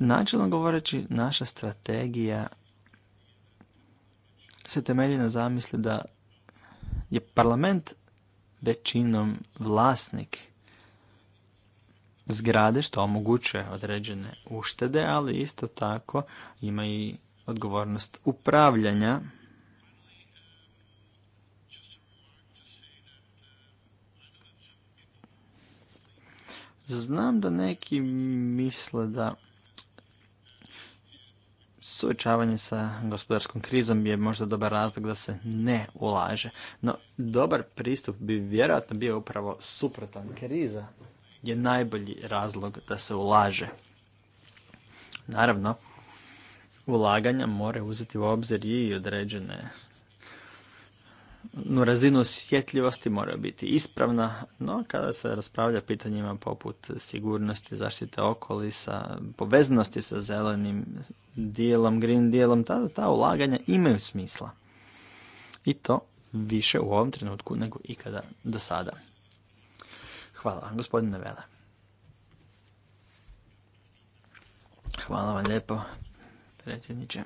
Speaker 3: Načelno govoreći, naša strategija se temelji na zamisli da je parlament većinom vlasnik zgrade što omogućuje određene uštede, ali isto tako ima i odgovornost upravljanja Znam da neki misle da suočavanje sa gospodarskom krizom je možda dobar razlog da se ne ulaže. No, dobar pristup bi vjerojatno bio upravo suprotan. Kriza je najbolji razlog da se ulaže. Naravno, ulaganja mora uzeti u obzir i određene razinu osjetljivosti mora biti ispravna, no kada se raspravlja pitanjima poput sigurnosti, zaštite okolisa, povezanosti sa zelenim dijelom, green dijelom, tada ta ulaganja imaju smisla. I to više u ovom trenutku nego ikada do sada. Hvala gospodine Vele. Hvala vam lijepo, predsjedniče.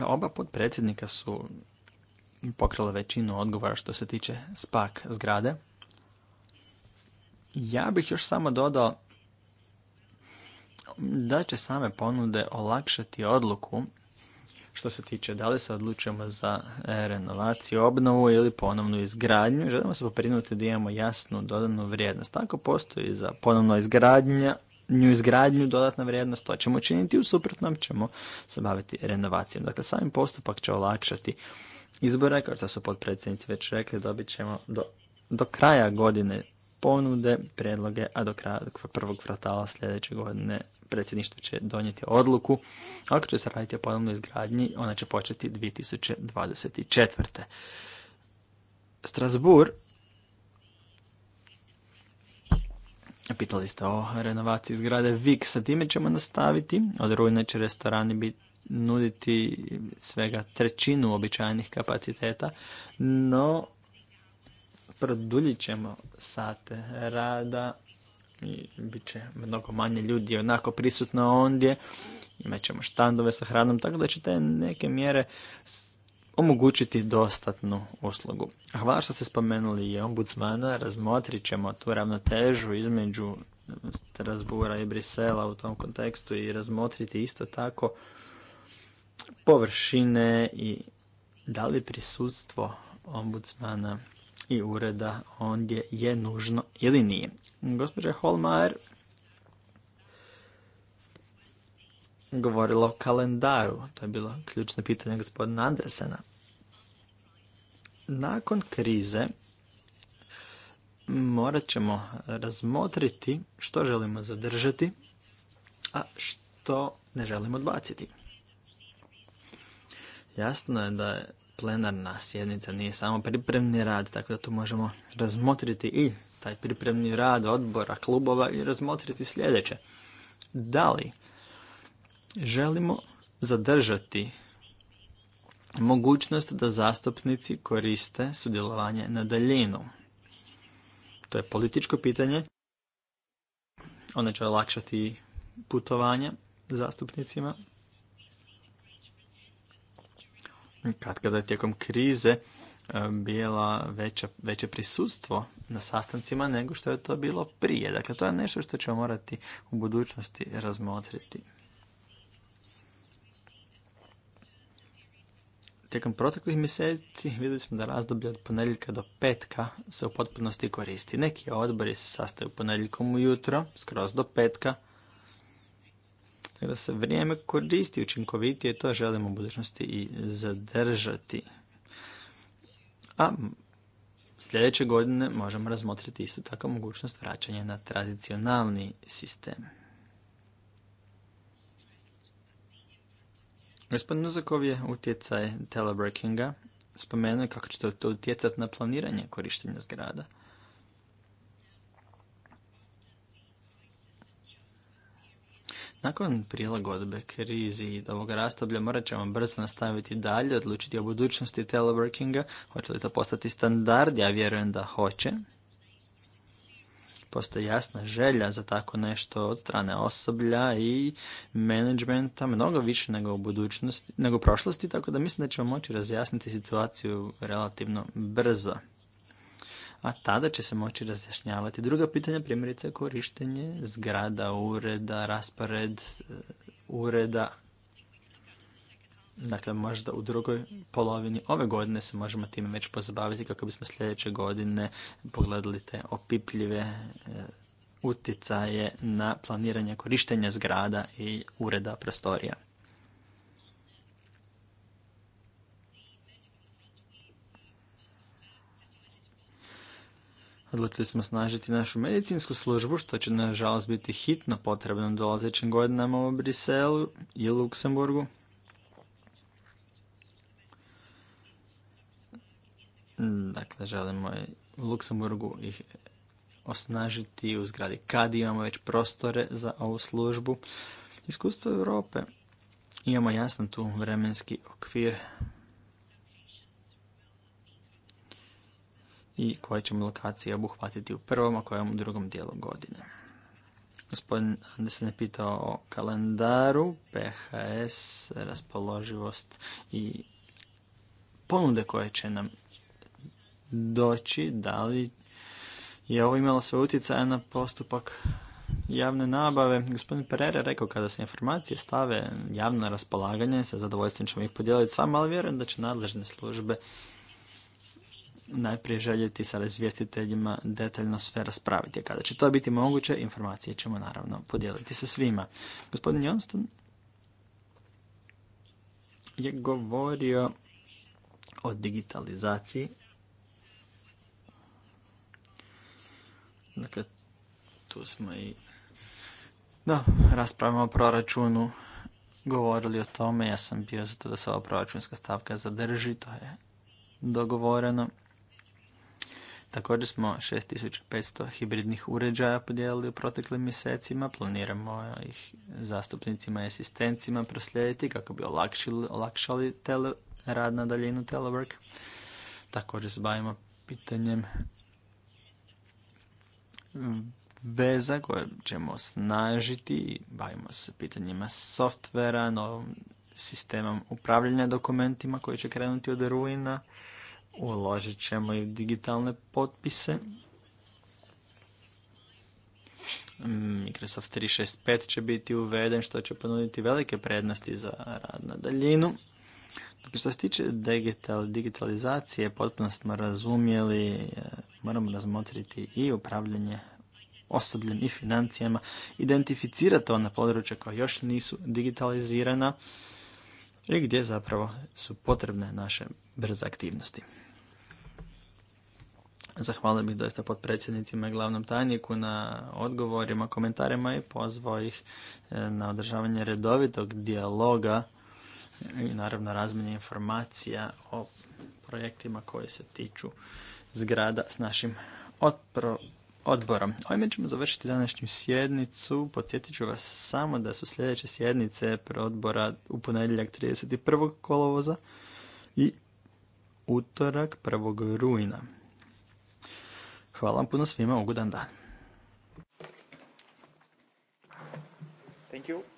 Speaker 3: Oba podpredsjednika su pokrila većinu odgovora što se tiče spak zgrade. Ja bih još samo dodao da će same ponude olakšati odluku što se tiče da li se odlučujemo za renovaciju, obnovu ili ponovnu izgradnju. Želimo se poprinuti da imamo jasnu dodanu vrijednost. Ako postoji za ponovno izgradnja, nju izgradnju dodatna vrijednost, to ćemo učiniti, u suprotnom ćemo se baviti renovacijom. Dakle, samim postupak će olakšati izbore, kao što su potpredsjednici već rekli, dobit ćemo do, do kraja godine ponude, prijedloge, a do kraja prvog kvartala sljedeće godine predsjedništvo će donijeti odluku. Ako će se raditi o ponovnoj izgradnji, ona će početi 2024. Strasbourg Pitali ste o renovaciji zgrade VIK, sa time ćemo nastaviti. Od rujna će restorani biti nuditi svega trećinu običajnih kapaciteta, no produljit ćemo sate rada i bit će mnogo manje ljudi onako prisutno ondje, imat ćemo štandove sa hranom, tako da će te neke mjere omogućiti dostatnu uslugu. Hvala što ste spomenuli i ombudsmana, razmotrit ćemo tu ravnotežu između Strasbura i Brisela u tom kontekstu i razmotriti isto tako površine i da li prisutstvo ombudsmana i ureda ondje je nužno ili nije. Gospođa Holmajer, govorilo o kalendaru. To je bilo ključno pitanje gospodina Andresena. Nakon krize morat ćemo razmotriti što želimo zadržati, a što ne želimo odbaciti. Jasno je da je plenarna sjednica nije samo pripremni rad, tako da tu možemo razmotriti i taj pripremni rad odbora, klubova i razmotriti sljedeće. Da li Želimo zadržati mogućnost da zastupnici koriste sudjelovanje na daljinu. To je političko pitanje. Ono će olakšati putovanje zastupnicima. Kad kada je tijekom krize e, bila veća, veće prisustvo na sastancima nego što je to bilo prije. Dakle, to je nešto što ćemo morati u budućnosti razmotriti. Tijekom proteklih mjeseci vidjeli smo da razdoblje od ponedjeljka do petka se u potpunosti koristi. Neki odbori se sastaju ponedjeljkom ujutro, skroz do petka. Tako da se vrijeme koristi učinkovitije, to želimo u budućnosti i zadržati. A sljedeće godine možemo razmotriti isto tako mogućnost vraćanja na tradicionalni sistem. Gospodin Nuzakov je utjecaj telebreakinga spomenuo kako će to utjecati na planiranje korištenja zgrada. Nakon prilagodbe krizi i ovog rastoblja morat ćemo brzo nastaviti dalje, odlučiti o budućnosti teleworkinga, hoće li to postati standard, ja vjerujem da hoće, postoji jasna želja za tako nešto od strane osoblja i menadžmenta mnogo više nego u budućnosti, nego u prošlosti, tako da mislim da ćemo moći razjasniti situaciju relativno brzo. A tada će se moći razjašnjavati druga pitanja, primjerice korištenje zgrada, ureda, raspored e, ureda, Dakle, možda u drugoj polovini ove godine se možemo time već pozabaviti kako bismo sljedeće godine pogledali te opipljive e, utjecaje na planiranje korištenja zgrada i ureda prostorija. Odlučili smo snažiti našu medicinsku službu, što će nažalost biti hitno potrebno dolazećim godinama u Briselu i Luksemburgu. Mm, dakle, želimo u Luksemburgu ih osnažiti. U zgradi kad imamo već prostore za ovu službu. Iskustvo Europe. Imamo jasno tu vremenski okvir i koje ćemo lokacije obuhvatiti u prvom, a kojem u drugom dijelu godine. Gospodin Andesen je pitao o kalendaru, PHS, raspoloživost i ponude koje će nam doći, da li je ovo imalo sve utjecaja na postupak javne nabave. Gospodin Pereira rekao kada se informacije stave javno na raspolaganje, sa zadovoljstvom ćemo ih podijeliti s vama, ali vjerujem da će nadležne službe najprije željeti sa razvijestiteljima detaljno sve raspraviti. Kada će to biti moguće, informacije ćemo naravno podijeliti sa svima. Gospodin Johnston je govorio o digitalizaciji Dakle, tu smo i da raspravimo o proračunu, govorili o tome, ja sam bio za to da se ova proračunska stavka zadrži, to je dogovoreno. Također smo 6500 hibridnih uređaja podijelili u proteklim mjesecima. Planiramo ih zastupnicima i asistencima proslijediti kako bi olakšali, olakšali rad na daljinu telework. Također se bavimo pitanjem veza koje ćemo snažiti, bavimo se pitanjima softvera, novom sistemom upravljanja dokumentima koji će krenuti od ruina. uložit ćemo i digitalne potpise. Microsoft 365 će biti uveden što će ponuditi velike prednosti za rad na daljinu. što se tiče digital, digitalizacije, potpuno smo razumjeli Moramo razmotriti i upravljanje osobljem i financijama, identificirati ona područja koja još nisu digitalizirana i gdje zapravo su potrebne naše brze aktivnosti. Zahvalio bih doista potpredsjednicima i glavnom tajniku na odgovorima, komentarima i pozvao ih e, na održavanje redovitog dijaloga i naravno razmjene informacija o projektima koji se tiču zgrada s našim otpro, odborom. Ovime ćemo završiti današnju sjednicu. Podsjetit ću vas samo da su sljedeće sjednice odbora u ponedjeljak 31. kolovoza i utorak 1. rujna. Hvala vam puno svima, ugodan dan.
Speaker 1: Thank you.